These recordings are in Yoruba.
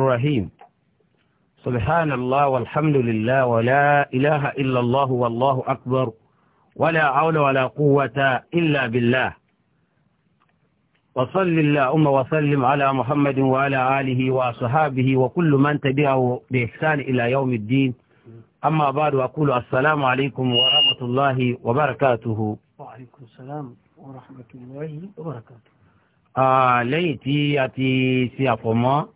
الرحيم سبحان الله والحمد لله ولا إله إلا الله والله أكبر ولا عول ولا قوة إلا بالله وصل اللهم وسلم على محمد وعلى آله وصحابه وكل من تبعه بإحسان إلى يوم الدين أما بعد أقول السلام عليكم ورحمة الله وبركاته وعليكم السلام ورحمة الله وبركاته آه ليتي أتي سيافما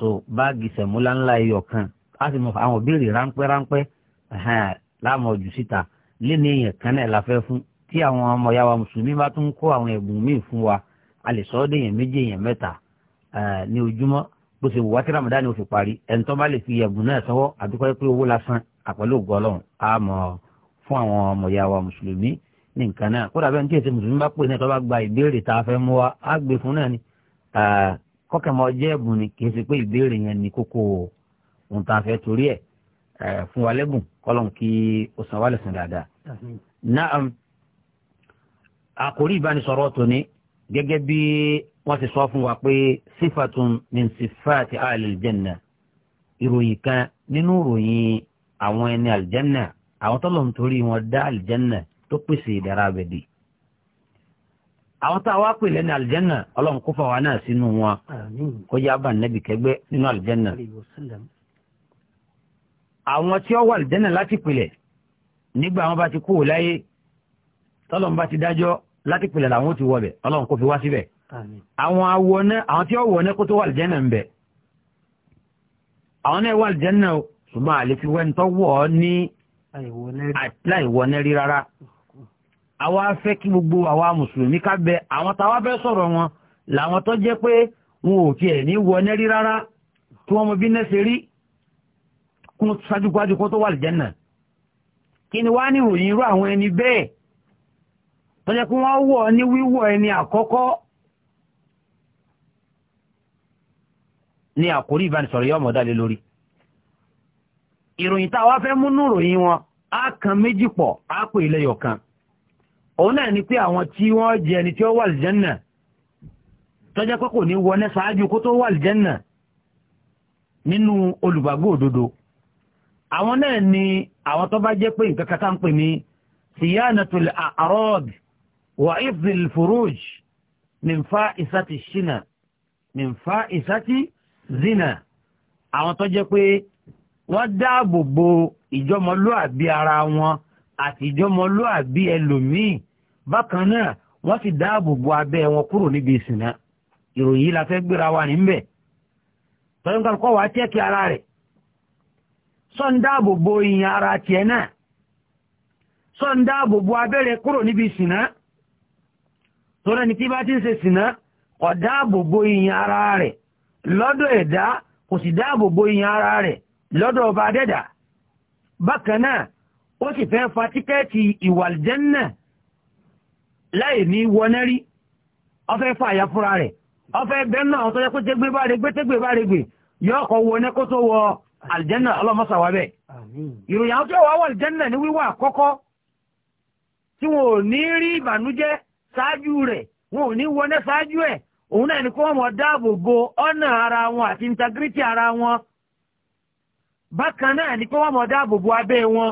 so báàgì sẹ̀múlá ńlá ẹyọ kan a sì mọ àwọn òbéèrè ráńpẹ́ ráńpẹ́ láàmú ọ̀jù síta léni èèyàn kan náà la fẹ́ fún tí àwọn ọmọ ya wa mùsùlùmí bá tún kó àwọn ẹ̀bùn míì fún wa a lè sọ ọ́ dé èèyàn méjì èèyàn mẹ́ta ní ojúmọ́ bó ṣe wù wá tí ramadan ò fi parí ẹ̀ńtọ́ bá lè fi ẹ̀bùn náà sọ́wọ́ àdúgbò pé owó lásán àpẹ̀lú ògùn ọlọ́run á fún àwọn ọmọ ya wa mùsùlùmí ní nǹkan náà kódà bẹ́ẹ̀ ní tí èsì mùsùlùmí bá pè náà tó ni kọ́kẹ́mọ́ jẹ́ ẹ̀bùn ni kì í ṣe pé ìbéèrè yẹn ni kókó ohun tá a fẹ́ torí ẹ̀ fún wa lẹ́bùn kọ́lọ́n kí o san wálé san dáadáa. náà àkórí ìbánisọ̀rọ̀ tòní gẹ́gẹ́ bí wọ́n ti sọ fún wa pé sífàtún min sífàtì àlìjẹ́nà ìròyìn kan nínú ìròyìn àwọn ẹni àlìjẹ́nà àwọn tọ́lọ̀ ń torí wọn dá àlìjẹ́nà tó pèsè ìdára abẹ́dẹ́ àwọn tá a wá pè lẹ́nu àlìjẹ́nà ọlọ́run kó fà wá náà sínú wọn kó yá bá nẹ́bì kẹgbẹ́ nínú àlìjẹ́nà. àwọn tí ó wà àlìjẹ́nà láti pìlẹ̀ nígbà wọn bá ti kú láyé tọ́lọ́run bá ti dájọ́ láti pìlẹ̀ làwọn ó ti wọbẹ̀ ọlọ́run kó fi wá síbẹ̀. àwọn awọ náà àwọn tí ó wọ̀ náà kó tó wà àlìjẹ́nà ń bẹ̀. àwọn náà wà àlìjẹ́nà ṣùgbọ́n àlefi wẹ́ntọ́ wọ̀ ní láìwọ àwa fẹ́ kí gbogbo àwa mùsùlùmí ká bẹ àwọn táwa fẹ́ sọ̀rọ̀ wọn làwọn tó jẹ́ pé wọn ò tiẹ̀ ní wọ nẹ́rí rárá tí wọ́n mọ bí nẹ́sẹ̀ rí kún ṣájúkwájú kó tó wà lìjẹ́nà kí ni wá ní ìròyìn irú àwọn ẹni bẹ́ẹ̀ tó jẹ́ pé wọ́n wọ̀ ní wíwọ̀ ẹni àkọ́kọ́ ní àkórí ìbánisọ̀rọ̀ yọ ọmọdá lórí ìròyìn táwa fẹ́ múnú ìròyìn wọn á kan méjì pọ̀ á pè lẹ́yọ̀ kan òun náà ni pé àwọn tí wọ́n jẹ ẹni tí ó wà lìjẹ́nà tọ́jẹ́ pé kò ní wọlé ṣáájú kó tó wà lìjẹ́nà nínú olùgbàgbọ́ òdodo àwọn náà ni àwọn tó bá jẹ́ pé nǹkan kata ń pè ní siyanatul arod wa ifdil furuj min isati shina min isati zina àwọn tó jẹ́ pé wọ́n dáàbò bo ìjọmọlúàbí ara wọn àtijọ́mọlúàbí ẹlòmíì bákan náà wọ́n ti dáàbò bo abẹ́ wọn kúrò níbi ìsìnà ìròyìn yìí la fẹ́ gbéra wa níbẹ̀ tọ́jú kọ́ wàá tẹ́kì ara sọ dáàbò bo ìyìn ara sọ dáàbò bo abẹ́rẹ́ kúrò níbi ẹni tí bá ti ń ṣe dáàbò bo ìyìn ara rẹ̀ lọ́dọ̀ ẹ̀dá kò sì dáàbò bo ara rẹ̀ lọ́dọ̀ ọba adẹ́dà bákan náà ó sì fẹ́ fa tíkẹ́ẹ̀tì ìwàlìjẹ́nà láì ní wọnẹ́rí ọfẹ́ fa àyà fúnra rẹ̀ ọfẹ́ bẹ́ẹ̀nà àwọn tọ́jọ́ pé gbé báre gbé tégbé báre gbé yọ ọkọ̀ wọnẹ́ kó tó wọ àlìjẹ́nà ọlọ́mọsà wa bẹ́ẹ̀ ìròyìn àwọn tí wọ́n wà àlìjẹ́nà ní wíwà àkọ́kọ́ tí wọn ò ní rí ìbànújẹ́ ṣáájú rẹ̀ wọn ò ní wọnẹ́ ṣáájú ẹ̀ òun náà ni kó wọn dáàbò bo ọ̀nà ara wọn àti integrity ara wọn bákan náà ni kó wọn dáàbò bo abẹ́ wọn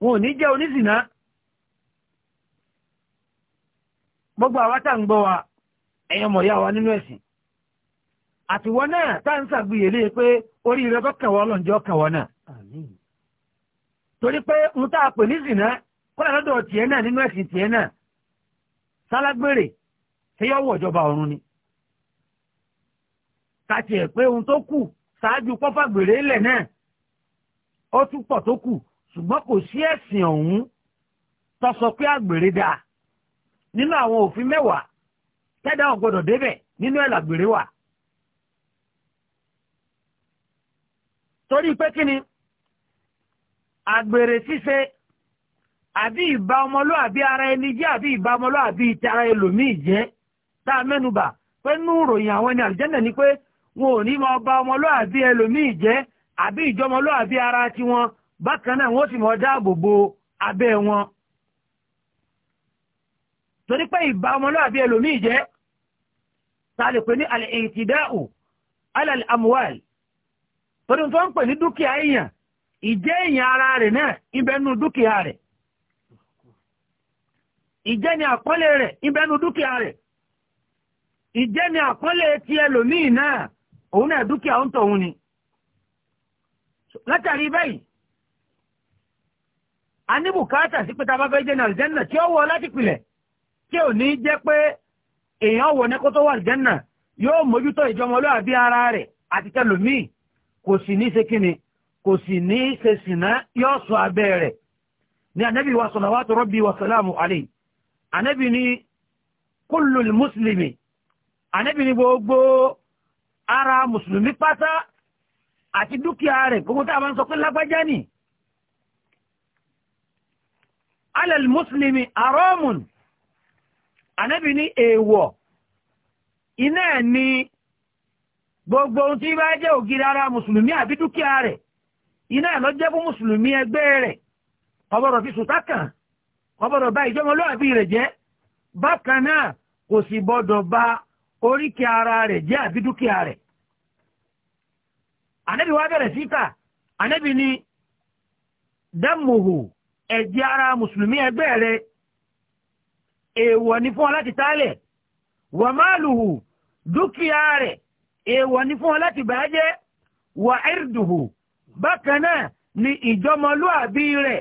wọn ò ní jẹ́ gbogbo àwátà ń gbọ́ wa mọ̀yá wa nínú ẹ̀sìn àtiwọ́ náà tá ń ṣàgbéyèlé pé orí náà torí pé ń tá a pè nísìnà kọ́lá lọ́dọ̀ tiẹ̀ náà nínú ẹ̀sìn tiẹ̀ náà sálágbèrè yọ wọ̀ ìjọba ọ̀run ni kàtì ẹ̀ pé ohun tó kù ṣáájú pọ́fàgbèrè lẹ̀ náà ó tún pọ̀ tó kù ṣùgbọ́n kò sí ẹ̀sìn ọ̀hún tó sọ pé àgbèrè dáa nínú àwọn òfin mẹ́wàá tẹ́dá ò débẹ̀ nínú ẹ̀ làgbèrè wà. torí pé kí ni àgbèrè ṣíṣe àbí ìbá ọmọlúàbí ara ẹni jẹ́ àbí ìbá ọmọlúàbí tara ẹlòmíì jẹ́ tá a mẹ́nubà pé nú ìròyìn àwọn ẹni àlùjànnà ni pé wọn ò ní máa bá ọmọlúàbí ẹlòmíì jẹ́ àbí ìjọmọlúàbí ara tiwọn bákan náà wọ́n sì abẹ wọn torí pé ìbá ọmọlúwàbí ẹlòmíì jẹ́ ta lè pè ní ń pè ní dúkìá èèyàn ìjẹ́ èèyàn ara náà ìjẹ́ ni rẹ̀ dúkìá rẹ̀ ìjẹ́ ni ti náà òun náà dúkìá ń ni látàrí a ní bùkátà sí pé tá a bá fẹ́ jẹ́ ní àlùjẹ́nà tí ó wọ láti pilẹ̀ tí ò ní jẹ́ pé èèyàn wọ̀ ní kó tó wà àlùjẹ́nà yóò mójútó ìjọmọlúàbí ara rẹ̀ àti tẹlòmíì kò sì ní ṣe kíni kò sì ní ṣe sìnà yóò sọ abẹ́ rẹ̀ ní anabi wa salawatu rabbi wa salamu alayhi ni kullu muslimi anabi ni gbogbo ara mùsùlùmí pátá àti dúkìá rẹ̀ gbogbo tá a bá ń sọ pé lágbájá nìí alal muslimi aramun anábì ní èèwọ̀ iná ẹ̀ ní gbogbo ohun tí bá jẹ́ ògiri ara mùsùlùmí àbí dúkìá rẹ̀ iná ẹ̀ lọ jẹ́ fún mùsùlùmí ẹgbẹ́ rẹ̀ ọbọ̀rọ̀ fi sùtá kàn ọbọ̀rọ̀ bá ìjọmọlúwàbí rẹ̀ jẹ́ bákan náà kò sì bọ́dọ̀ ba oríkì ara rẹ̀ jẹ́ àbí dúkìá rẹ̀ anábì wá bẹ̀rẹ̀ síta anábì ní dámùhù ẹ̀jẹ̀ ara mùsùlùmí ẹgbẹ́ rẹ èèwọ̀ ni fún ọ láti tálẹ̀ wà máàlùhù dúkìá rẹ̀ èèwọ̀ ni fún ọ láti bàájẹ́ wà ẹ̀rìdùhù bákan náà ni ìjọmọlúàbí rẹ̀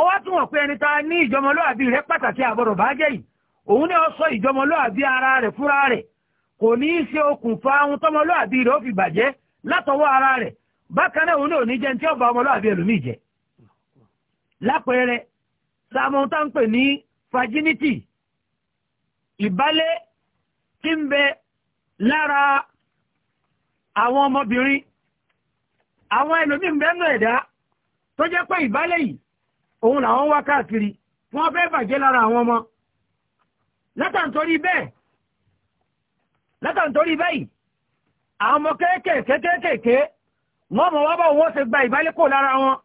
ó wá tún wọ̀ pé ẹni tá ní ìjọmọlúàbí rẹ̀ pàtàkì àbọ̀rọ̀ bàájẹ́ yìí òun ni ó sọ ìjọmọlúàbí ara rẹ̀ fúnra rẹ̀ kò ní í ṣe okùnfà ohun tọmọlúàbí rẹ̀ ó fi bàjẹ́ látọwọ́ ara rẹ̀ bákan náà òun ni ò ní jẹun tí ó ba ọmọlúàbí ẹlòmíì jẹ́ lápẹẹrẹ sàmọ́ tá ń pè ní fajinity ìbálé tí ń bẹ lára àwọn ọmọbìnrin àwọn ẹlòmí ń bẹ́nu ẹ̀dá tó jẹ́ pé ìbálé yìí òun làwọn wá káàkiri fún ọ fẹ́ bàjẹ́ lára àwọn ọmọ látàntorí bẹ́ẹ̀ látàntorí bẹ́ẹ̀ àwọn ọmọ kéékèèké kéékèèké wọ́n mọ̀ wá bá òun ṣe gba ìbálé kò lára wọn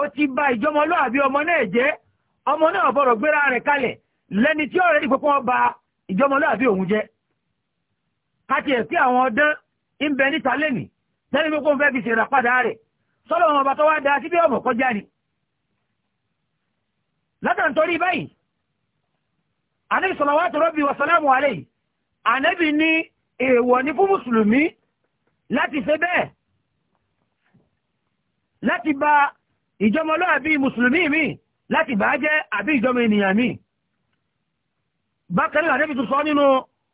ó ti ba ìjọmọlúàbí ọmọ náà jẹ ọmọ náà bọ̀rọ̀ gbéra rẹ kalẹ̀ lẹni tí ọ̀rẹ́ ní ba ìjọmọlúàbí òun jẹ. káti ẹ̀ sí àwọn ọdán ń bẹ níta fi ṣèrà padà wọn bá tó wá da ọmọ kọjá ni wa salamu anabi ní èèwọ̀ ní fún mùsùlùmí láti ṣe ba ìjọmọlọ́àbí mùsùlùmí mi láti bàá jẹ́ àbí ìjọmọ ènìyàn mi bákan náà nẹ́bì tó sọ nínú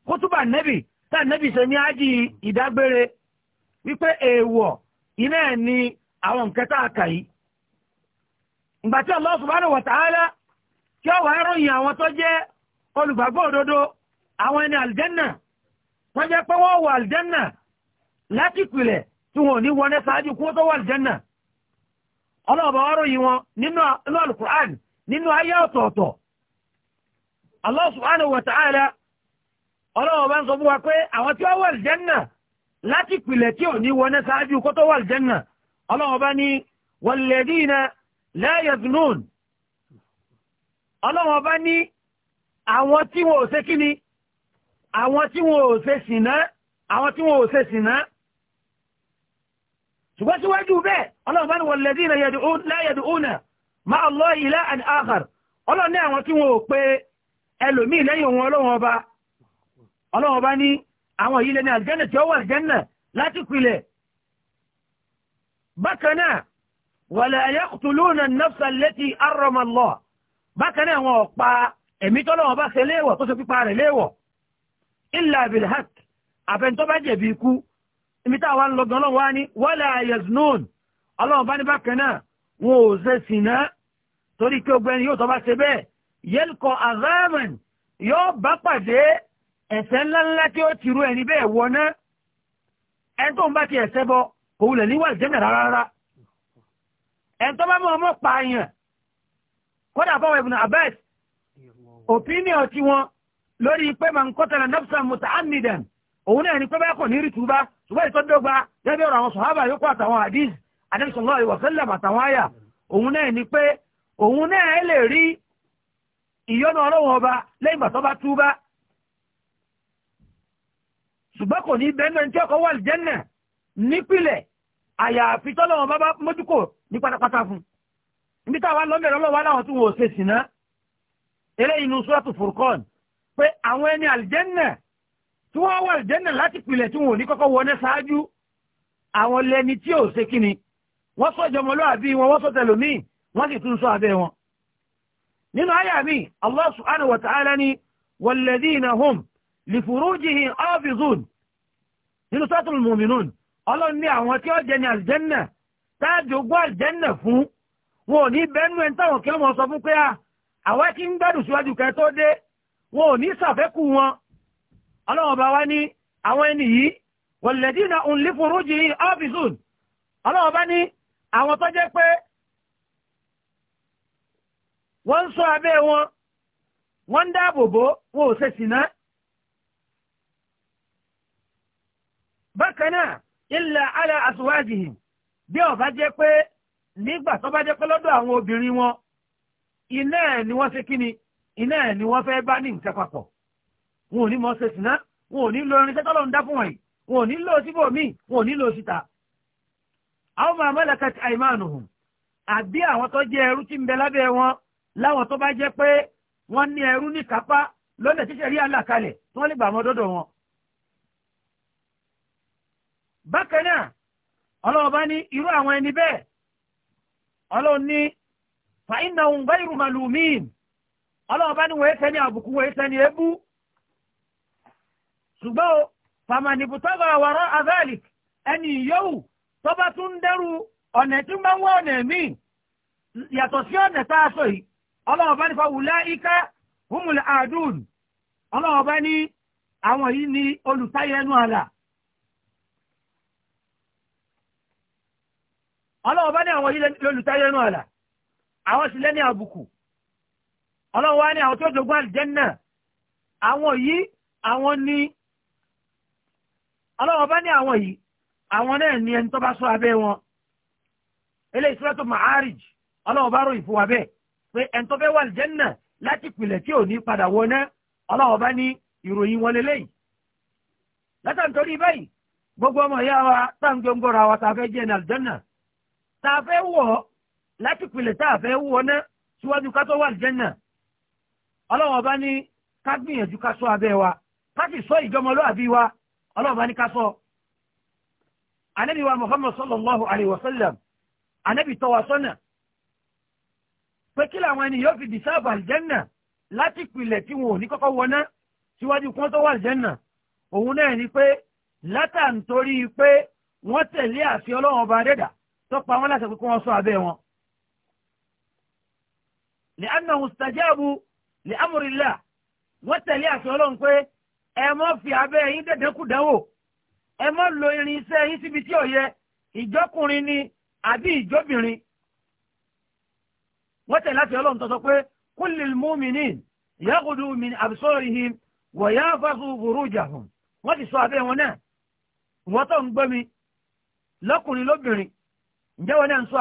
kótúbà nẹ́bì tá nẹ́bì ṣe ní ájì ìdágbére wípé èèwọ̀ iná ẹ̀ ni àwọn nǹkan tá a kà yìí ìgbà tí Allah subhanahu wa ta'ala kí ó wà ròyìn àwọn tó jẹ́ olùgbàgbọ́ òdodo àwọn ẹni àlìjẹ́nà wọ́n jẹ́ pé wọ́n wọ àlìjẹ́nà láti tí wọn ò ní wọlé ṣáájú kó tó wọ àlìjẹ́nà ọlọ́ọ̀bà ọ̀rọ̀ yìí wọn nínú alukur'an nínú ayé ọ̀tọ̀ọ̀tọ̀ Allah subhanahu wa ta'ala ọlọ́ọ̀bà ń sọ fún wa pé àwọn tí wọ́n wà lìjẹ́nà láti pìlẹ̀ tí ò ní wọná sáájú kó tó wà lìjẹ́nà ọlọ́ọ̀bà ní walladina la yaznun ọlọ́ọ̀bà ní àwọn tí wọn ò ṣe kíni àwọn tí wọn ò ṣe sìnà àwọn tí wọn ò ṣe sìnà ṣùgbọ́n síwájú bẹ́ẹ̀ ọlọ́run bá ní wọ́n lẹ́dí ilẹ̀ láyẹ̀dù òun ma Allah ilá and akhar ọlọ́run ní àwọn tí wọn ò pé ẹlòmí lẹ́yìn òun ọlọ́run ọba ọlọ́run ọba ní àwọn yìí lẹ́ni àlùjànnà tí ó wà àlùjànnà láti pilẹ̀ bákan náà wala yaqtuluna an-nafsa allati harrama ibi tá àwọn lọ́gbọ̀n ọlọ́run wá ní wala yaznun ọlọ́run bá ní bákan náà wọn ò ṣe sìnà torí pé ọgbẹ́ni yóò tọ́ bá ṣe bẹ́ẹ̀ yẹ́lùkọ́ azaman yóò bá pàdé ẹ̀ṣẹ̀ ńláńlá tí ó ti rú ẹni bẹ́ẹ̀ wọná ẹni tó ń bá ti ẹ̀ṣẹ̀ bọ kò wulẹ̀ ní wàlẹ̀ jẹ́nà rárá ẹni tó bá mọ̀ ọmọ pààyàn kódà bọ́wọ̀ ibùn Abbas opinion ti lórí pé man qatala nafsan muta'ammidan òun náà ni pé bá kò ní rí ṣùgbọ́n ìtọ́dọ́gba gẹ́gẹ́ ọ̀rọ̀ àwọn sọ̀hábà yòókù àtàwọn àdìs àdẹ́sọ̀lọ́ ìwọ̀sẹ́lẹ̀ àtàwọn àyà òun náà ni pé òun náà lè rí ìyọ́nú ọlọ́wọ́n ọba lẹ́yìn bàtọ́ bá túbá ṣùgbọ́n kò ní bẹ́ẹ̀ náà tí ọkọ̀ wà lìjẹ́nà nípìlẹ̀ àyàfi tọ́lọ́wọ́n bá mójúkò ní pátápátá fún níbi táwa lọ́mẹ̀rẹ̀ ọlọ́wọ́ láwọn tí wọn ò ṣe sìnà eléyìí inú súrátù furqan pé àwọn ẹni àlìjẹ́nà tí wọ́n wà ìjẹ́nà láti pìlẹ̀ tí wọ́n ní kọ́kọ́ wọlé ṣáájú àwọn lẹni tí ò ṣe kí ni wọ́n sọ ìjọmọlúàbí wọn wọ́n sọ tẹlòmí wọ́n sì tún sọ abẹ́ wọn nínú àyà mi Allah subhanahu wa ta'ala ni walladhina hum li furujihim nínú suratul mu'minun ọlọ́run ní àwọn tí ó jẹ ní àlìjẹ́nà táàjò gbọ́ àlìjẹ́nà fún wọn ò ní bẹ́nu ẹni táwọn kí wọ́n sọ fún pé ah, àwọn tí ń gbádùn síwájú kẹ́ tó dé wọn ò ní ṣàfẹ́kù wọn ọlọ́wọ̀n bá wá ní àwọn ẹni yìí walladina ń lé fún rújì yìí ọ́fíìsùn ọlọ́wọ̀n bá ní àwọn tó jẹ́ pé wọ́n ń sọ abẹ́ wọn wọ́n ń dáàbò bò ò ṣe sìnà. bákan náà illa ala bí ó bá jẹ́ pé nígbà tó bá jẹ́ pé lọ́dọ̀ àwọn obìnrin wọn iná ẹ̀ ni wọ́n ṣe kíni iná ẹ̀ ni wọ́n fẹ́ bá ní nǹkan papọ̀. wọn ò ní mọ ṣe sìnà wọn ò ní lo irinṣẹ́ tọ́lọ̀ ń dá fún wọ̀nyí wọn ò ní lo síbò míì wọn ò ní lo síta. àwọn máa malakat aymanuhum àbí àwọn tó jẹ ẹrú tí ń bẹ lábẹ́ wọn láwọn tó bá jẹ pé wọ́n ní ẹrú ní kápá lọ́nà wọn dọ́dọ̀ wọn. bákan náà ọlọ́wọ́ bá ní irú àwọn ẹni bẹ́ẹ̀ ọlọ́wọ́ ní ọlọ́wọ́ bá ní ṣùgbọ́n o fàmànìkù tó bá wàrọ̀ azalik ẹni yòówù tó bá tún dẹ́rù ọ̀nà tí máa ń wá ọ̀nà míì yàtọ̀ sí ọ̀nà tá a sọ yìí ọlọ́wọ́ bá ní fa wùlá ika humul adùn ọlọ́wọ́ bá ní àwọn yìí ní olùtayẹnu àlà. ọlọ́wọ́ bá ní àwọn yìí lólùtayẹnu àlà àwọn sì lẹ́ni àbùkù ọlọ́wọ́ wá ní àwọn tó jogún àlìjẹ́nnà àwọn yìí àwọn ní ọlọ́wọ́ bá ní àwọn yìí àwọn náà ní ẹni tó bá sọ abẹ́ wọn eléyìí sọ́tò maharij ọlọ́wọ́ bá ròyìn fún wa bẹ́ẹ̀ pé ẹni tó fẹ́ wà lìjẹ́nà láti pìlẹ̀ tí ò ní padà wọ náà ọlọ́wọ́ bá ní ìròyìn wọn lélẹ́yìí látàntorí báyìí gbogbo ọmọ ìyá wa táǹgbóngóra wa tá a fẹ́ jẹ́ ní àlìjẹ́nà tá a fẹ́ wọ̀ láti pìlẹ̀ tá a fẹ́ wọ náà síwájú ká tó wà lìjẹ́nà ọlọ́wọ́ bá ní ká gbìyànjú ká sọ abẹ́ wa ká sì sọ ìjọmọlúàbí wa ọlọ́run bá ní ká sọ anabi wa muhammad sallallahu alayhi wa sallam anabi tọ́ wa sọ́nà pé kí làwọn ẹni yóò fi dìsáàbù àlìjẹ́nà láti pilẹ̀ tí wọn ò ní kọ́kọ́ wọná síwájú kí wọ́n tó wà àlìjẹ́nà òun náà ni pé látàn torí pé wọ́n tẹ̀lé àfi ọlọ́run ọba adẹ́dà tó pa wọ́n láṣẹ sọ abẹ́ wọn. li'annahum istajabu li'amrillah wọ́n tẹ̀lé àfi ọlọ́run pé ẹ mọ́ fi abẹ́ yín dẹ̀dẹ̀ kù dánwò ẹ mọ́ lo irinṣẹ́ síbi tí ò yẹ ìjọkùnrin ni àbí ìjọbìnrin wọ́n tẹ̀ láti ọlọ́run tó sọ pé kullil mu'minin ti sọ wọn náà ń mi lọ́kùnrin lóbìnrin ǹjẹ́ wọn náà ń sọ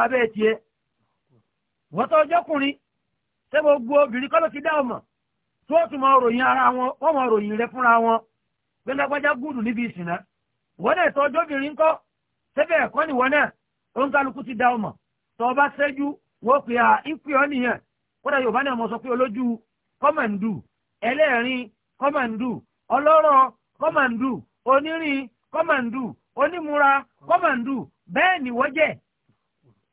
ṣé obìnrin kọ́ ó tún máa ròyìn ara wọn wọ́n máa ròyìn rẹ fúnra wọn pé lágbájá níbi ìsìnà wọn náà tọ́jú obìnrin kọ́ sẹ́bẹ̀ ẹ̀kọ́ nìwọ́n náà oníkálukú ti da ọmọ pè á ìpè nìyẹn kódà yorùbá náà mọ̀ sọ pé olójú kọ́mọ̀ǹdù ẹlẹ́rìn kọ́mọ̀ǹdù ọlọ́rọ̀ kọ́mọ̀ǹdù onírin kọ́mọ̀ǹdù onímúra bẹ́ẹ̀ ni wọ́n jẹ́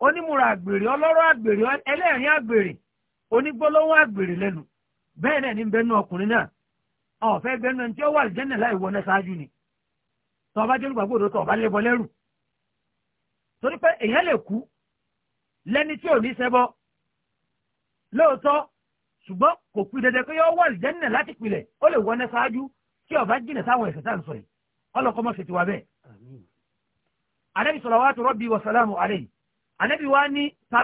onímúra àgbèrè ọlọ́rọ̀ àgbèrè ẹlẹ́rìn bẹ́ẹ̀ náà ní bẹ́nu ọkùnrin náà ọ̀fẹ́ bẹ́nu ẹni tí ó wà lìjẹ́nà láì wọ náà ṣáájú ni tọ́ ọba jẹ́nu gbàgbọ́dọ̀ tọ́ ọba lébọ lẹ́rù torí pé èèyàn lè kú lẹ́ni tí ò ní ṣẹbọ lóòótọ́ ṣùgbọ́n kò pin dandan pé yóò wà lìjẹ́nà láti pilẹ̀ ó lè wọ náà ṣáájú tí ọba jìnà sáwọn ẹ̀ṣẹ̀ tá à ń sọ yìí ọlọ́kọ́ mọ́ ṣètì wa bẹ́ẹ̀. Ànábì salawatu rabbi wa salamu alayhi Ànábì wa ní ta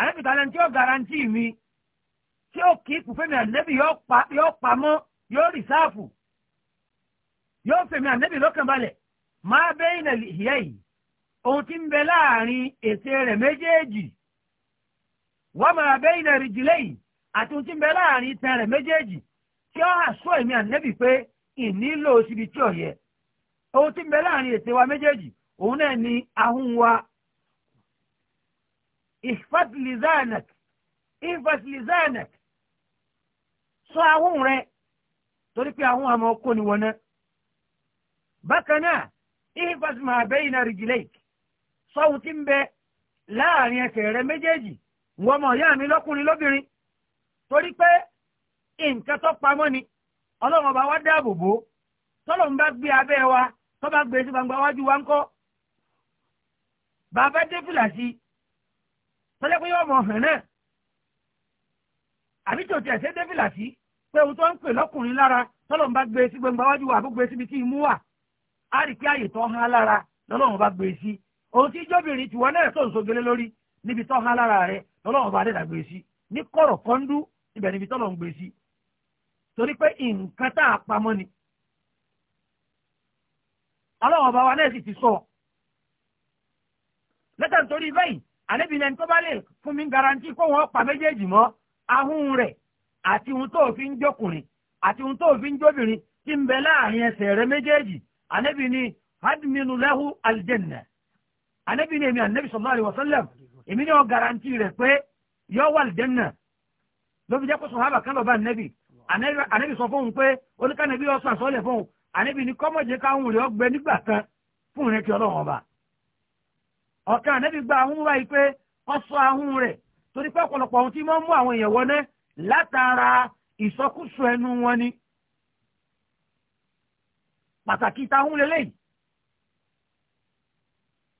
àlẹ́bí ta tí ó garanti mi tí ó kí ìkùfẹ́mi àlẹ́bí yóò pamọ́ yóò rìsáàfù yóò fèmí àlẹ́bí lọ́kàn balẹ̀ máa bẹ́ ilẹ̀ ìyá yìí ohun ti ń bẹ láàrin ètè rẹ̀ méjèèjì wọ́n máa bẹ́ ilẹ̀ rìjìlẹ̀ yìí àti ohun ti ń bẹ láàrin ìtẹ̀ rẹ̀ méjèèjì tí ó hà sọ èmi pé ìnílò síbi tí ò ohun ti ń bẹ láàrin ètè wa méjèèjì òun náà ihfad lizanak ihfad lizanak sọ ahọ́n rẹ torí pé ahọ́n àmọ́ kò ní wọná bakana náà ihfad ma bayna rijlayk sọ́hun tí ń bẹ láàrin ẹsẹ̀ rẹ méjèèjì wọ́n mọ̀ ìyá mi lọ́kùnrin lóbìnrin torí pé nǹkan tó pamọ́ ni ọlọ́run ọba wa dáàbò bò tọ́lọ́run bá gbé wa tọ́ bá gbé gbangba wájú wa ń baba bàbá dé fìlà tọ́jẹ́ pé yóò mọ̀ naa náà àbí tòtí ẹ̀sẹ̀ débìlà sí pé ohun tó ń pè lọ́kùnrin lára bá gbé e sí gbẹ̀ngbà wájú wa àbó gbé e síbi tí imú wà á rí pé àyè tó hàn lára lọ́lọ́run bá gbé e sí ohun tí ìjọ́bìnrin sogele lórí rẹ bá dẹ́dà gbé sí ní kọ̀rọ̀ kọ́ńdú ibẹ̀ níbi gbé sí a pamọ́ ni ọlọ́run ọba wa náà sì sọ àlébìnrin ẹni tó bá lè fún mi garanti kó wọn pa méjèèjì mọ́ ahun rẹ̀ àti ohun tó fi ń jókùnrin àti ohun tó fi ń jóbìnrin tí ń bẹ láàrin ẹsẹ̀ rẹ̀ méjèèjì àlébìnrin hadminu lẹ́hu aljanna àlébìnrin èmi ànẹ́bí sallallahu alaihi wasallam èmi ni wọ́n garanti rẹ̀ pé yọ wà aljanna ló fi jẹ́ kó sọ̀hábà kan lọ́ba ànẹ́bì ànẹ́bì sọ fóun pé oníkànnẹ́bí ọ̀sán àsọ́lẹ̀ fóun ànẹ́bì ni kọ́mọ̀jẹ́ káwọn rẹ̀ ọgbẹ́ nígbà kan fún ìrẹ́kẹ́ ọlọ́run ọba ọ̀kan ànábì gba ahun wá yìí pé wọ́n sọ rẹ̀ torí pé ọ̀pọ̀lọpọ̀ ohun tí wọ́n mú àwọn èèyàn wọlé látara ìsọkúsọ ẹnu wọn ni pàtàkì táwọn lélẹ́yìí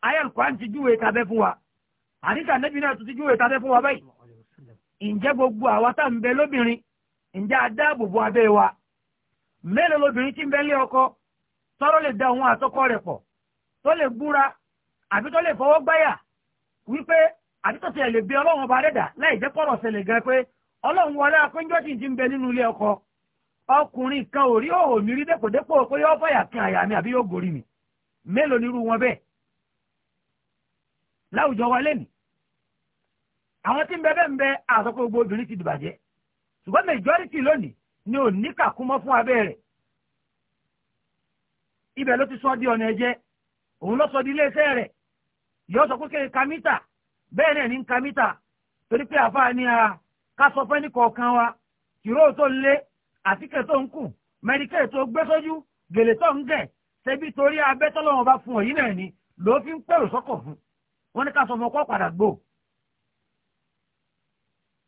ayélujára ti júwèé tabẹ́ fún wa àdìsá ànábì náà tún ti júwèé wa báyìí ǹjẹ́ gbogbo àwa tá ń bẹ lóbìnrin ǹjẹ́ wa mélòó lóbìnrin tí ń ọkọ tọ́rọ lè da òun àtọkọ rẹ̀ pọ̀ tó lè àbí tó lè fọwọ́ gbáyà wípé àbí tó tiẹ̀ lè bí ọlọ́run ọba rẹ̀dà láì jẹ́ kọ́rọ̀ ṣẹlẹ̀ gan pé ọlọ́run wọlé apẹ́njọ́ tí ń ti ń bẹ nínú ilé ọkọ ọkùnrin kan ò rí òhò mi rí dépòdépò pé yóò fọyà kan àyà mi àbí yóò gorí mi mélòó nírú wọn bẹ́ẹ̀ láwùjọ wa lẹ́nu àwọn tí ń bẹ bẹ́ẹ̀ ń bẹ àsọpọ̀ gbogbo obìnrin ti dìbàjẹ́ ṣùgbọ́n majority lónìí ni ò ní kàkúmọ́ fún abẹ́ rẹ̀ ibẹ̀ ló ti sọ di ọ̀nà ẹ̀jẹ̀ òun ló sọ di iléeṣẹ́ rẹ̀ yóò sọ pé kéde ka mítà bẹ́ẹ̀ náà ní ń ka mítà torí pé àfa ni a ká sọ fẹ́ ní kọ̀ọ̀kan wa kìró tó ń lé àtíkẹ́ tó ń kù mẹ́ríkẹ́ tó gbé sójú gèlè tó ń gẹ̀ ṣebí torí abẹ́ tọ́lọ́wọ́n bá fún òyìn náà ni ló fi ń pèrò sọ́kọ̀ fún wọn ní ká sọ ọmọkọ́ padà gbò.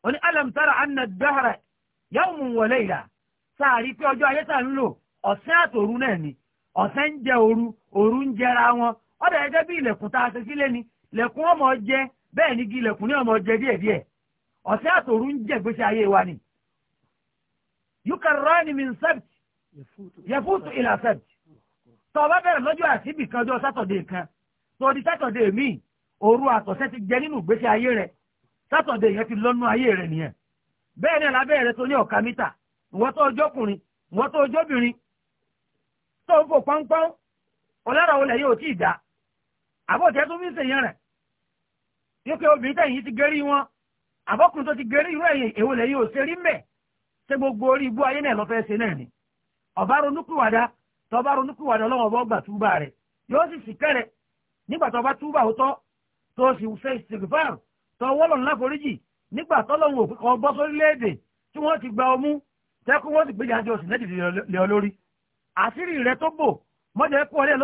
ó ní alam anna dahara yawmun wa layla sáàrí pé ọjọ́ ayé tà ń lò ọ̀sán àtòru náà ni ọ̀sán ń jẹ òru òru ń jẹra wọn ọ̀dà ẹ̀jẹ̀ bí ilẹ̀kùn tá a ṣe sílé ni lẹ̀kùn ọmọ jẹ bẹ́ẹ̀ ni gi ilẹ̀kùn ní ọmọ jẹ díẹ̀díẹ̀ ọ̀sẹ̀ àtòrú ń jẹ gbèsè ayé wa ni. yukarani min sabt yẹfúùtù ìlà sabt tọ́ ọ bá bẹ̀rẹ̀ lọ́jọ́ àtibì kan ọjọ́ sátọ̀dé kan torí sátọ̀dé míì òru àtọ̀sẹ́ ti jẹ nínú gbèsè ayé rẹ̀ sátọ̀dé yẹn ti lọ́nú ayé rẹ̀ nìyẹn bẹ́ẹ̀ ni alábẹ́ rẹ̀ tó ní ọ̀ka mítà ìwọ́n tó ọjọ́kùnrin ìwọ́n tó ọjọ́bìnrin tó ń fò pọ́npọ́n ọlọ́rọ̀ olè yóò tí ì àbọ̀tẹ́ tó fi ń sèyàn rẹ̀ yóò kẹ́ obìnrin tẹ̀yìn ti gẹ́rí wọn àbọ̀kùnrin tó ti gẹ́rí irú ẹ̀yìn èwo lẹ̀ yóò ṣe rí mbẹ̀ ṣé gbogbo orí ibú ayé náà lọ́fẹ́ ṣe náà ni ọba ronúkúwàdà tọba ronúkúwàdà ọlọ́wọ́n ọba ọgbà túbà rẹ̀ yóò sì sìkẹ́rẹ̀ nígbà tọba túbà ó tọ́ tó sì fẹ́ sìgìfáàrù tọ wọ́lọ̀ ńlá foríjì nígbà tọ́lọ́wọ́n òfin kan bọ́ sórílẹ̀-èdè tí wọ́n ti gba ọmú tẹ́kún wọ́n sì gbé jáde ọ̀sìn lẹ́dì lé ọ lórí àṣírí rẹ tó bò mọ́jọ́ ẹ̀kọ́ ọ̀rẹ́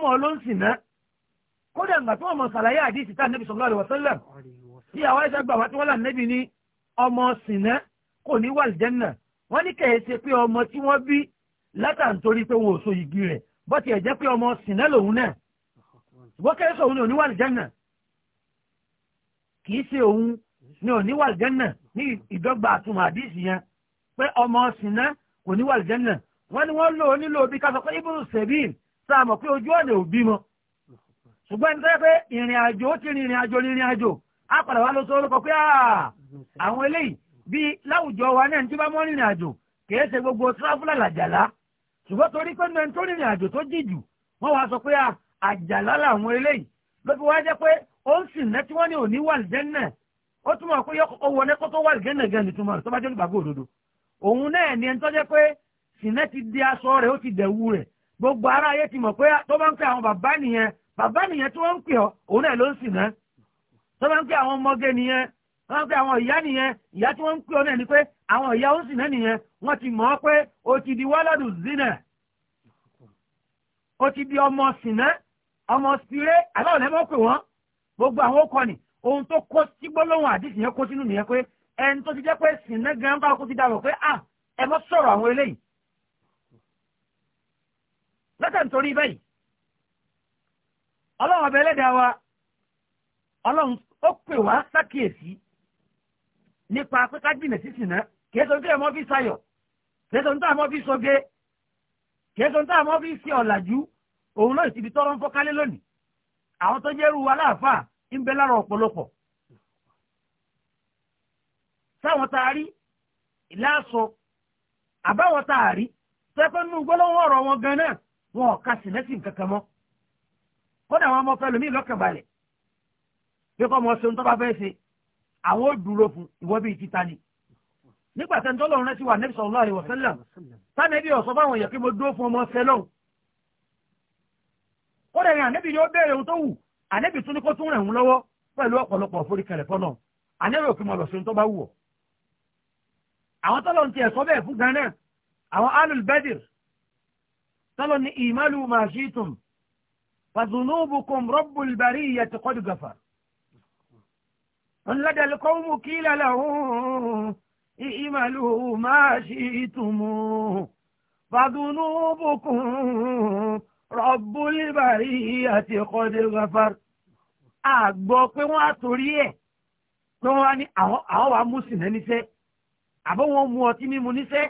mọ̀ ọ́ ló ń sìn náà kódà ńgbà tí wọ́n mọ̀ sàlàyé àdìsí tá nẹ́bí sallallahu alaihi wasallam tí àwọn ẹ̀ṣẹ́ gbà wá tí wọ́n là nẹ́bí ní ọmọ sìnà kò ní wà lìjẹ́nà wọ́n ní kẹ̀yẹ́ ṣe pé ọmọ tí wọ́n bí látàntorí pé wọn ò so igi rẹ̀ bó ti ẹ̀ jẹ́ pé ọmọ sìnà lòun náà ṣùgbọ́n kẹ́yẹ́ sọ òun ní òní wà lìjẹ́nà kì í ní ìdọ́gba àtúmọ̀ àdìsí yẹn pé ọmọ sìnà kò ní wà lìjẹ́nà wọ́n ní wọ́n lò ó nílò bí ká sọ pé ibùdó sẹ̀bíìn sáà mọ̀ pé ojú ọ̀nà òbí mọ́ ṣùgbọ́n ní tẹ́lẹ̀ pé ìrìn àjò ó ti rin ìrìn àjò ìrìn àjò á padà wá lọ sọ orúkọ pé àwọn eléyìí bí láwùjọ wa náà ní tí bá mọ́ rìnrìn àjò kìí ṣe gbogbo tíráfúlà làjàlá ṣùgbọ́n torí pé ní tó rìnrìn àjò tó jìjù wọ́n wá sọ pé àjàlá làwọn eléyìí ló fi wá jẹ́ pé ó ń sìn náà tí wọ́n ní òní wàlìjẹ́nà ó túmọ̀ pé yọkọ̀ wọlé kó tó wàlìjẹ́nà gan ni túmọ̀ tó bá jẹ́ olùgbàgbọ́ òdodo òun náà ni ẹni tó jẹ́ baba nìyẹn tí wọ́n ń pè ọ òun náà ló ń sìn náà tó bá ń pè àwọn ọmọge nìyẹn wọ́n pe àwọn ìyá nìyẹn ìyá tí ń pè náà ni pé àwọn ìyá ó náà ti o ti di wọ́lọ́dù zina o ti di ọmọ sìnà ọmọ spire aláwọ̀ lẹ́mọ́ pè wọ́n gbogbo àwọn ọkọ ni ohun tó kó sí àdìsí yẹn kó sínú nìyẹn pé ẹni tó ti jẹ́ pé sìnà gan bá kó ti darọ̀ pé ah, ẹ mọ́ sọ̀rọ̀ àwọn ọlọ́run ọbẹ̀ ẹlẹ́dàá wa ọlọ́run ó pè wá sákìyèsí nípa pé ká jìnà sí sìnà kìí sọ nítorí ọmọ fi sayọ̀ kìí sọ nítorí ọmọ fi sọge kìí sọ nítorí ọmọ fi ṣe ọ̀làjú òun náà ti fi tọrọ ń fọ́kálé lónìí àwọn tó jẹ́rú wa láàfáà ń bẹ lára ọ̀pọ̀lọpọ̀ sáwọn tá a rí láàsọ àbáwọn tá a rí tẹ́pẹ́ nínú gbọ́lọ́wọ́ ọ̀rọ̀ wọn gan náà wọn ò ka sìnẹ́sìn kankan mọ́ kódà àwọn ọmọ fẹ́ lómi lọ́kànbalẹ̀ bí kò mọ ṣe ń tọ́ba fẹ́ ṣe àwọn ò dúró fún ìwọ bíi títa ni nígbà tẹ́ ń tọ́lọ́ rántí wa nẹ́bí sallallahu alaihi wasallam sánẹ́bí ọ̀sọ́ fáwọn èèyàn kí mo dúró fún ọmọ sẹ́lọ̀ kódà yẹn ànẹ́bí ni ó béèrè ohun tó wù ànẹ́bí tún ní kó tún rẹ̀ ń lọ́wọ́ pẹ̀lú ọ̀pọ̀lọpọ̀ foríkẹlẹ̀ fọ́nà ànẹ́bí òfin mọ̀ lọ ṣe ń tọ́ba wù ọ́ àwọn tọ́lọ̀ ń tiẹ̀ bẹ́ẹ̀ fún gan náà àwọn alul badir tọ́lọ̀ ní ìmálù màṣítùm فذنوبكم رب البرية قد غفر لدى القوم قيل له اعملوا ما شئتم فذنوبكم رب البرية قد غفر àgbọ̀ pé wọ́n á torí ẹ̀ pé wọ́n á ní àwọn wa mú sìnà níṣẹ́ àbọ̀ wọn mú ọtí mímu níṣẹ́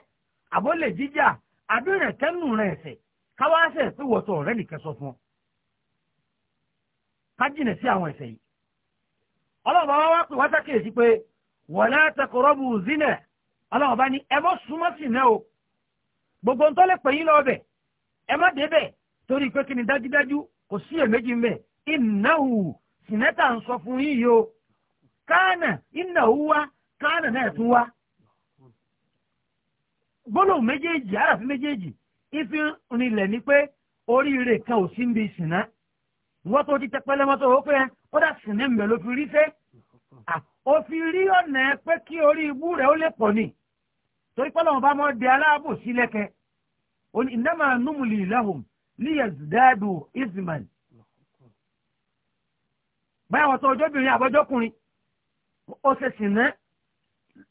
àbọ̀ lè jíjà àbí rẹ̀ kẹ́nu rẹ̀ ẹ̀sẹ̀ káwáṣẹ̀ pé wọ́tọ̀ ọ̀rẹ́ nìkan sọ fún ọ. ká jìnà sí àwọn ẹ̀ṣẹ̀ yìí ọlọ́run bá wá wá pè wá sákèésí pé wala taqrabu zina ọlọ́run bá ní ẹ mọ́ súnmọ́ sí gbogbo ntọ́ lè pè yín ẹ má dé torí pé kí ni dájúdájú kò sí èméjì ń bẹ̀ ìnáwó sinẹ́tà ń sọ fún yìí o ìnáwó wa káànà náà tún wá gbólóhùn méjèèjì méjèèjì wọ́n tó ti tẹpẹ́lẹ́ mọ́tò ó pé ẹ ó dà sí ní mbẹ́ ló fi rí sẹ́ ó fi rí ọ̀nà ẹ pé kí orí ibú rẹ̀ ó lè pọ̀ ni torí pé lọ́wọ́ bá mọ́ di aláàbò sí lẹ́kẹ́ ìnáma númùlì lahum liyazdadu isman báyà wọ́n tó ọjọ́bìnrin àbọ́jọ́kùnrin ó ṣe sì ná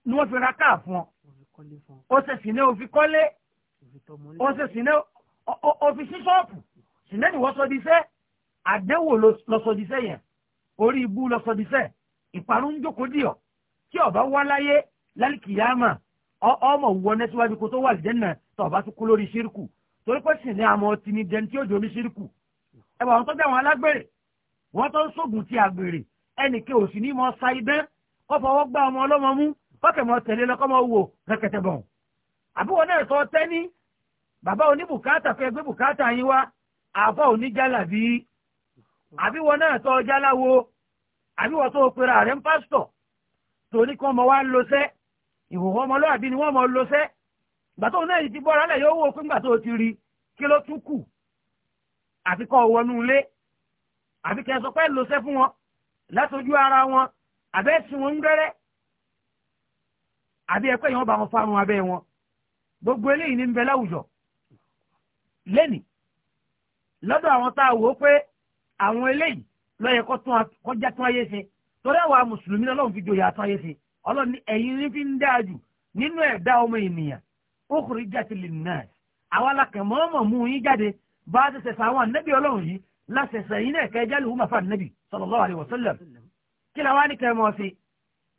ni wọ́n fi ra káà fún ọ ó ṣe sì ná ó fi kọ́lé ó ṣe sì ná ó fi sí ṣọ́ọ̀pù sì ná ni wọ́n sọ di iṣẹ́ àdẹ́wò lọ́sọdíṣẹ́ yẹn orí ibú lọ́sọdíṣẹ́ ìparun ń jókòó dìọ̀ tí ọba wá láyé lálìkìyàmà ọmọ wọ nẹ́tíwájú kó tó wà lìdẹ́ náà tó ọba tó kú lórí ṣírkù torí pé sì ní àmọ́ ti ní dẹni tí ó jòrí ṣírkù ẹ̀wọ̀ àwọn tó jẹ́ àwọn alágbèrè wọ́n tó ń sógun ti àgbèrè ẹnìkẹ́ òsì ní mọ́ sa idán kọ́ fọwọ́ gbá ọmọ ọlọ́mọ mú kọ́kẹ́ mọ́ tẹ̀lé lọ́kọ́ wò rẹ̀kẹ̀tẹ̀ bọ̀n àbúrò náà sọ tẹ́ni bàbá oníbùkátà fẹ́ gbé bùkátà yín wá àbá oníjàlá bíi àbí wọn náà tọ́ ọjà láwo àbí wọn tó o pera rẹ̀ ń pásítọ̀ tòní kan mọ wá ń lọsẹ́ ìhòòhò ọmọlúwàbí ni wọ́n mọ lọsẹ́ gbàtọ́ náà yìí ti bọ́ra lẹ̀ yóò wò fún gbàtọ́ ti rí kí ló tún kù àfi kọ́ wọnú ilé àfi kẹ́ ẹ sọ pé lọsẹ́ fún wọn látọjú ara wọn àbẹ́ sí wọn ń gbẹ́rẹ́ àbí ẹ̀pẹ́ yẹn wọ́n bá wọn fárun abẹ́ wọn gbogbo eléyìí ní ń bẹ láwùjọ lẹ́nìí lọ́dọ̀ àwọn tá a wò ó pé àwọn eléyìí lọ́yẹ kọjá tún ayé ṣe torí àwa mùsùlùmí náà lọ́n fi jòyè àtún ayé ṣe ọlọ́run ní ẹ̀yin ní fi ń dáa jù nínú ẹ̀dá ọmọ ènìyàn ukhrijat linnas àwa lakẹ̀mọ́mọ̀ mú yín jáde bá a ti sẹ̀sẹ̀ àwọn ànábì ọlọ́run yìí lásẹ̀sẹ̀ yín náà kẹjá lè wúmọ̀ fún ànábì sallallahu alaihi wasallam kí la wá ní kẹ́ ẹ mọ̀ sí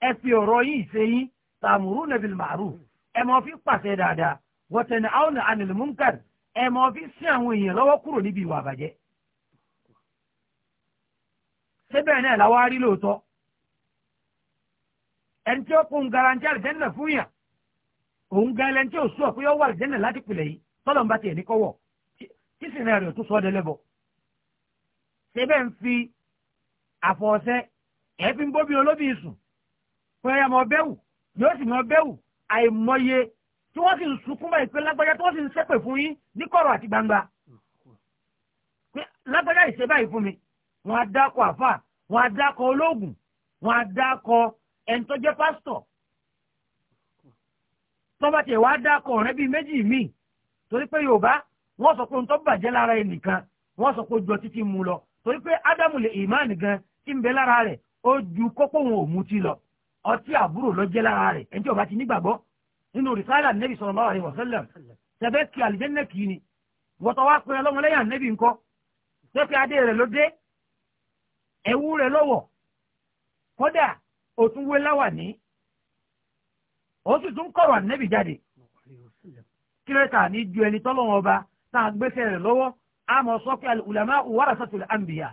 ẹ fi ọ̀rọ̀ yìí fi sí àwọn èèyàn lọ́wọ́ kúrò níbi ìwà àbàjẹ́ ṣé bẹ́ẹ̀ náà làwọn arí lóòótọ́ ẹni tí ó kún garanti àlìjẹ́nà fún yàn òun gan ẹlẹ́ni tí ò sùn ọ̀pẹ́ yóò wà àlìjẹ́nà láti pìlẹ̀ yìí tọ́lọ̀ ń bá tiẹ̀ ní kọ́wọ̀ kí sì náà rẹ̀ tó sọ ọ́ dẹ́lẹ́bọ̀ ṣé bẹ́ẹ̀ ń fi àfọ̀ọ́sẹ́ ẹ̀ fi ń bóbi olóbì sùn fún ẹ̀yà mọ́ bẹ́wù yóò sì mọ́ bẹ́wù àìmọye tí wọ́n sì ń sunkún báyìí pé lágbájá tí wọ́n sì ń ṣépè fún yín ní kọ̀rọ̀ àti gbangba lágbájá ìṣe fún mi wọ́n á dákọ̀ àfáà wọn á dákọ ológun wọn á dákọ ẹni tó jẹ́ pásítọ̀ tọ́ba tiẹ̀ wá dákọ ọ̀rẹ́ bíi méjì míì torí pé yorùbá wọ́n sọ pé ohun tó bàjẹ́ lára ẹnìkan wọ́n sọ pé ojú ọtí ti mú lọ torí pé ádámù lè ìmáànì gan tí ń bẹ lára rẹ̀ ó ju kókó wọn ò mú ti lọ ọtí àbúrò lọ jẹ́ lára rẹ̀ ẹni tí ti nígbàgbọ́ nínú rìsáàlà nẹ́bí sallallahu alaihi wasallam tẹ̀bẹ́ kí àlìjẹ́nẹ́ kì ni wọ́tọ̀ wá pé ọlọ́mọlẹ́yà nẹ́bí ńkọ́ tẹ́fẹ́ adé rẹ̀ ló dé ẹ̀wù rẹ̀ lọ́wọ́ kódà ó tún wé láwàní ó sì tún kọ̀rọ̀ ànẹ́bì jáde kí ló ta ní ju ẹni tọ́lọ́wọ́n ọba tá a gbé sẹ́rẹ̀ lọ́wọ́ a mọ̀ sọ pé ulama warasatul anbiya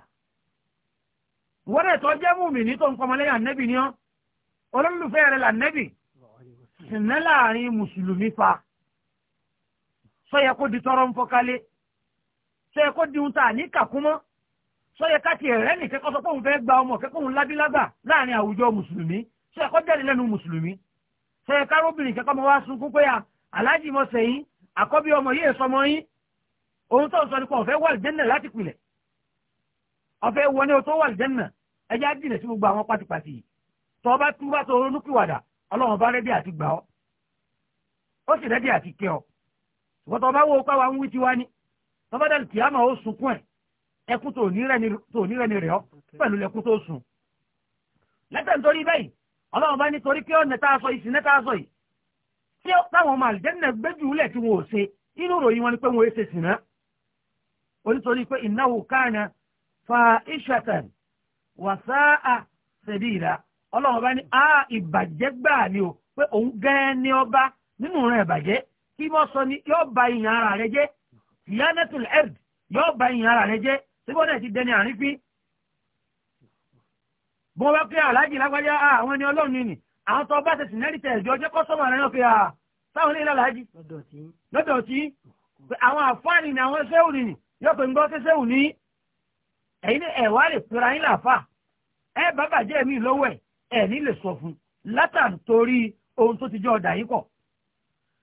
wọ́n rẹ̀ tọ́ jẹ́ mùmínì tó ń kọmọlẹ́yìn ànẹ́bì ni ọ́ olólùfẹ́ rẹ̀ láàrin mùsùlùmí fa sọ yẹ kó di tọrọ ń sọ yẹ kó di ń ta ní kàkúmọ́ sọ́yẹ káti ẹ̀rẹ́ nìkan kọ́ sọ pé òun fẹ́ gba ọmọ kẹ́kọ̀ọ́ lábílágbà láàrin àwùjọ mùsùlùmí sọ́yẹ kọ́ jáde lẹ́nu mùsùlùmí sọ́yẹ kárọ́bìnrin kẹ́kọ́ mọ́ wá sunkún pé à aláàjì mọ́ sẹ́yìn àkọ́bí ọmọ yìí sọmọ yín ohun tó ń sọ nípa ọ̀fẹ́ wàlìjẹ́nà láti pilẹ̀ ọ̀fẹ́ wọ ní o tó wàlìjẹ́nà ẹjẹ́ àdìnà sí gbogbo àwọn pátipàti yìí tó ẹkún tó ni rẹ̀ ọ́ pẹ̀lú lẹ́kún tó sùn. lẹ́tẹ̀ nítorí bẹ́ẹ̀ ọlọ́run bá nítorí pé ọ̀nà tá a sọ ìsìn náà tá a sọ yìí tí táwọn ọmọ àlìjẹ́nà gbẹ́jù lẹ̀ tí wọn ò ṣe inú ìròyìn wọn ni pé wọn ò ṣe sìn náà. onítorí pé innahu kana fa'ishatan wa sa'a sabila ọlọ́run bá ní a ìbàjẹ́ gbà ni o pé òun gẹ́ẹ́ ní ọba nínú rẹ̀ ìbàjẹ́ kí wọ́n sọ ni yóò ìyàn ara rẹ jẹ́ ìyá nẹ́tùlẹ̀ ìyàn ara rẹ jẹ́ síbọ̀dẹ̀ ti dẹni àrífín bó wá pé aláàjì lágbájá àwọn ẹni ọlọ́run nìyí àwọn tó bá ṣe sìnẹ́rì tẹ̀ jẹ́ kọ́sọ́mọ̀ rẹ̀ fi ilé aláàjì lọ́dọ̀ tí àwọn àfáàní ni àwọn ṣéwù ni yóò pè ń gbọ́ ṣéṣéwù ní lè pera yín làáfà ẹ bàbà jẹ́ mi lọ́wọ́ ẹ̀ ní lè sọ fún ohun tó ti jọ ọ̀dà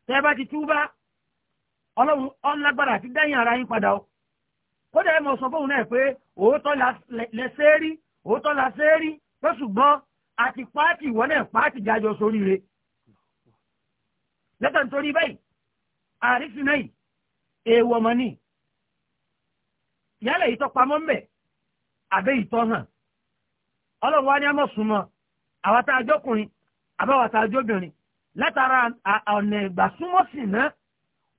tẹ́ bá ti túbá ọlọ́run ọ̀nlágbára àti ara yín padà kódà ẹ mọ̀ sọ fóun náà pé òótọ́ lẹsẹ́ rí òótọ́ lẹsẹ́ rí pé ṣùgbọ́n àti pààtì ìwọ náà pààtì jájọ sórí rẹ̀ lẹ́tọ̀ nítorí bẹ́ẹ̀ àrísí náà èèwọ̀ mọ́ ni yálẹ̀ ìtọ́ pamọ́ ń bẹ̀ àbẹ́ ìtọ́ hàn ọlọ́run wa ni a mọ̀ súnmọ́ àwa tá a jọkùnrin àbáwa tá a jọbìnrin látara ọ̀nà ìgbà súnmọ́ sí náà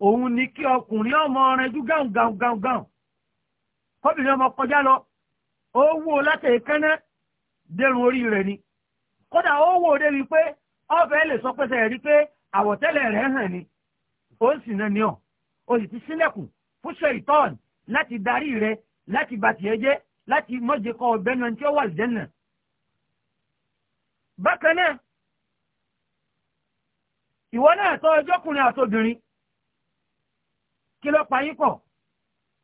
òun ni kí ọkùnrin ọmọ rẹ̀ ju gáùn gáùn gáùn gáùn kọ́bìnrin ọmọ kọjá lọ ó wò láti èékánná dẹrùn orí rẹ̀ ni kódà ó wò dé wípé ọbẹ̀ lè sọ pẹ́sẹ̀ rí pé àwọ̀tẹ́lẹ̀ rẹ̀ hàn ni ó sì náà ní ọ̀ o sì ti sílẹ̀kùn fún ṣèitọ́ọ̀nù láti darí rẹ̀ láti bàtìyẹ jẹ́ láti mọ́jẹkọ ọbẹ̀ náà tí ó wà lìjẹ́nà. bákan náà ìwọ náà tọ́ ọjọ́kùnrin àtobìnrin kí ló pa yín pọ̀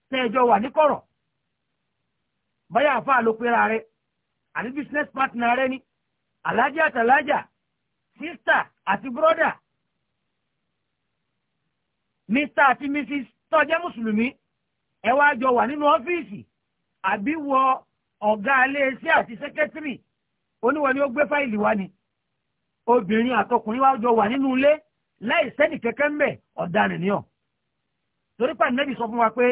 tẹ́ ẹjọ́ wà níkọ̀rọ̀ báyà àfa ló pera rẹ̀ àní business partner rẹ ni alájà àtàlájà sister àti brother mr àti mrs tọ́jẹ́ mùsùlùmí ẹ wá jọ wà nínú ọ́fíìsì àbí wọ ọ̀gá iléeṣẹ́ àti sẹ́kẹ́tìrì oníwọ̀n ni ó gbé fáìlì wá ni obìnrin àtọkùnrin wá jọ wà nínú ilé láì sẹ́nì kẹ́kẹ́ ń bẹ̀ ọ̀daràn ni ọ̀ torí pàdé nẹ́bí sọ fún wa pé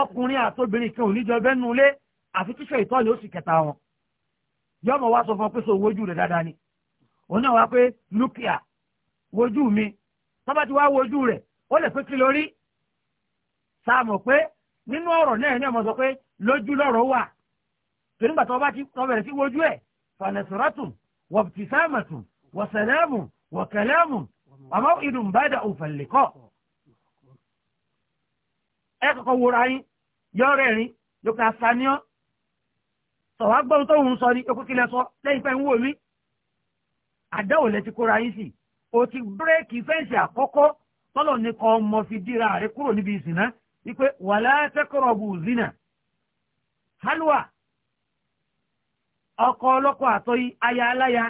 ọkùnrin àtobìnrin kan ò ní jọ bẹ́ẹ̀ nínú ilé àfi tíṣọ ìtọ́ni ó sì kẹta wọn yọ ọmọ wa sọ fún ọ pé so wojú rẹ dáadáa ni òun náà wá pé lúkìá wojú mi tọ́ba ti wá wojú rẹ̀ ó lè pé kí lórí sáàmù pé nínú ọ̀rọ̀ náà ní ọmọ sọ pé lójú lọ́rọ̀ wà tònígbà tó bá ti bẹ̀rẹ̀ sí wojú ẹ̀ fanasiratun wabtisamatun wasalamu wakalamu àmọ́ ìdùn bàdà òfàlẹ́kọ́ ẹ kọ́kọ́ wúra yín yọ rẹ̀ rin yóò ká sọ̀wá gbọ́n tó ń sọ ní ekúkílẹ̀ sọ lẹ́yìn pé ń wò mí àdáwò lẹ ti kóra yín sí o ti bírèkì fẹ́ǹsì àkọ́kọ́ tọ́lọ̀ ní kọ́ ọmọ fi dira rẹ kúrò níbi ìsìnà wípé wàlá taqrabu zina halwa ọkọ ọlọ́kọ àtọ́yí aya aláya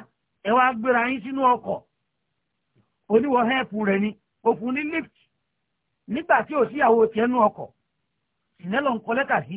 ẹ wá gbéra yín sínú ọkọ̀ oníwọ̀ hẹ́ẹ̀pù rẹ̀ ni òfun ní lift nígbà tí ò síyàwó tiẹ̀ nú ọkọ̀ ìnẹ́lọ̀ ń kọ́ lẹ́kà sí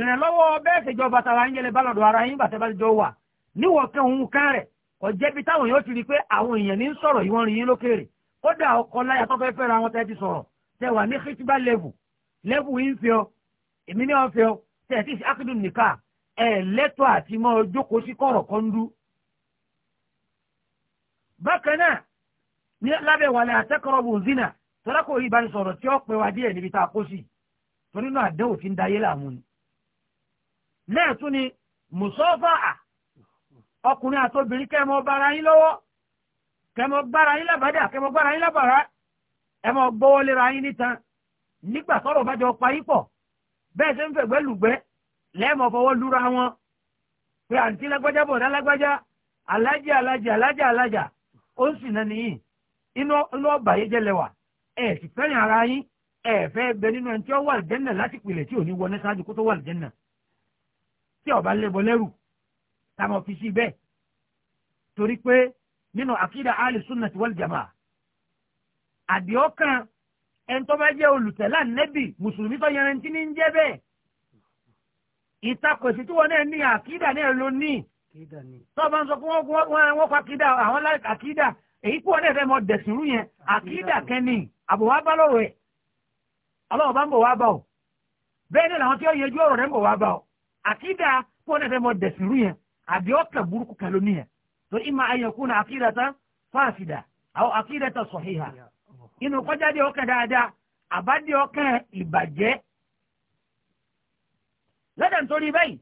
ìrànlọ́wọ́ bẹ́ẹ̀ ṣe jọba tara ń yẹlẹ bálọ̀dọ̀ ara yín bàtẹ́ bá jọ wà níwọ̀n kan òun kan rẹ̀ ọ̀jẹ́ bí táwọn èèyàn ti rí pé àwọn èèyàn ní sọ̀rọ̀ yìí wọ́n rí yín lókèrè kódà ọkọ láyà tó fẹ́ fẹ́ra wọn tẹ́ ti sọ̀rọ̀ tẹ wà ní kítíbà lẹ́vù lẹ́vù yín fi ọ èmi ní ọ̀fẹ́ ọ tẹ̀ tí akidu nìka ẹ̀ lẹ́tọ̀ àti mọ́ ojókòó sí kọ̀rọ̀ kọ́ńdú. bákan zina tọ́lá kò rí ìbánisọ̀rọ̀ tí ó pẹ́ wá díẹ̀ níbi tá a kó torí náà àdéhùn ti ń dayé láàmú ni. náà tún ni mùsọ́fàá ọkùnrin àtobìnrin kẹ́ ẹ mọ bára yín lọ́wọ́ kẹ́ ẹ mọ bára yín lábàdà kẹ́ ẹ mọ bára yín lábàrá ẹ mọ gbọ́wọ́ lera yín nítan nígbà sọ̀rọ̀ bá jọ pa yín pọ̀ bẹ́ẹ̀ ṣe ń fẹ̀gbẹ́ lùgbẹ́ lẹ́ẹ̀mọ̀ fọwọ́ wọn pé àǹtí lágbájá bọ̀ nìyí inú ọba yìí ara yín fẹ́ bẹ nínú ẹni tí ó wà láti tí ò ní tí ọba lébọ lẹ́rù táwọn fi sí bẹ́ẹ̀ torí pé nínú àkídà ali sunna ti wal jamaa àdìọ́kàn ẹni tó bá jẹ́ olùtẹ̀lá nẹ́bì mùsùlùmí tó yẹrantí ní ń jẹ́ bẹ́ẹ̀ ìtakòsí tí wọn náà ní àkídà náà ló ní tó bá ń sọ pé wọ́n kọ́ àkídà àwọn àkídà èyí kú ọdẹ fẹ mọ dẹsùn yẹn àkídà kẹni àbòwá bá lọ́rọ̀ ẹ Ọlọ́run bá ń bọ̀ wá bá ọ bẹ́ẹ̀ ni làwọn tí ó yẹjú ọ̀rọ̀ rẹ̀ ń bọ̀ wá bá ọ àkídà pọ́n náà fẹ́ mọ dẹ̀sìrú yẹn àbí ọ̀kà burúkú kan ló níyẹn tó ìmọ̀ ayẹ̀kú náà àkídà tán fásidà àwọn àkídà tán sọ̀híhà inú kọjá dé ọkàn dáadáa àbádé ọkàn ìbàjẹ́ lọ́dà nítorí báyìí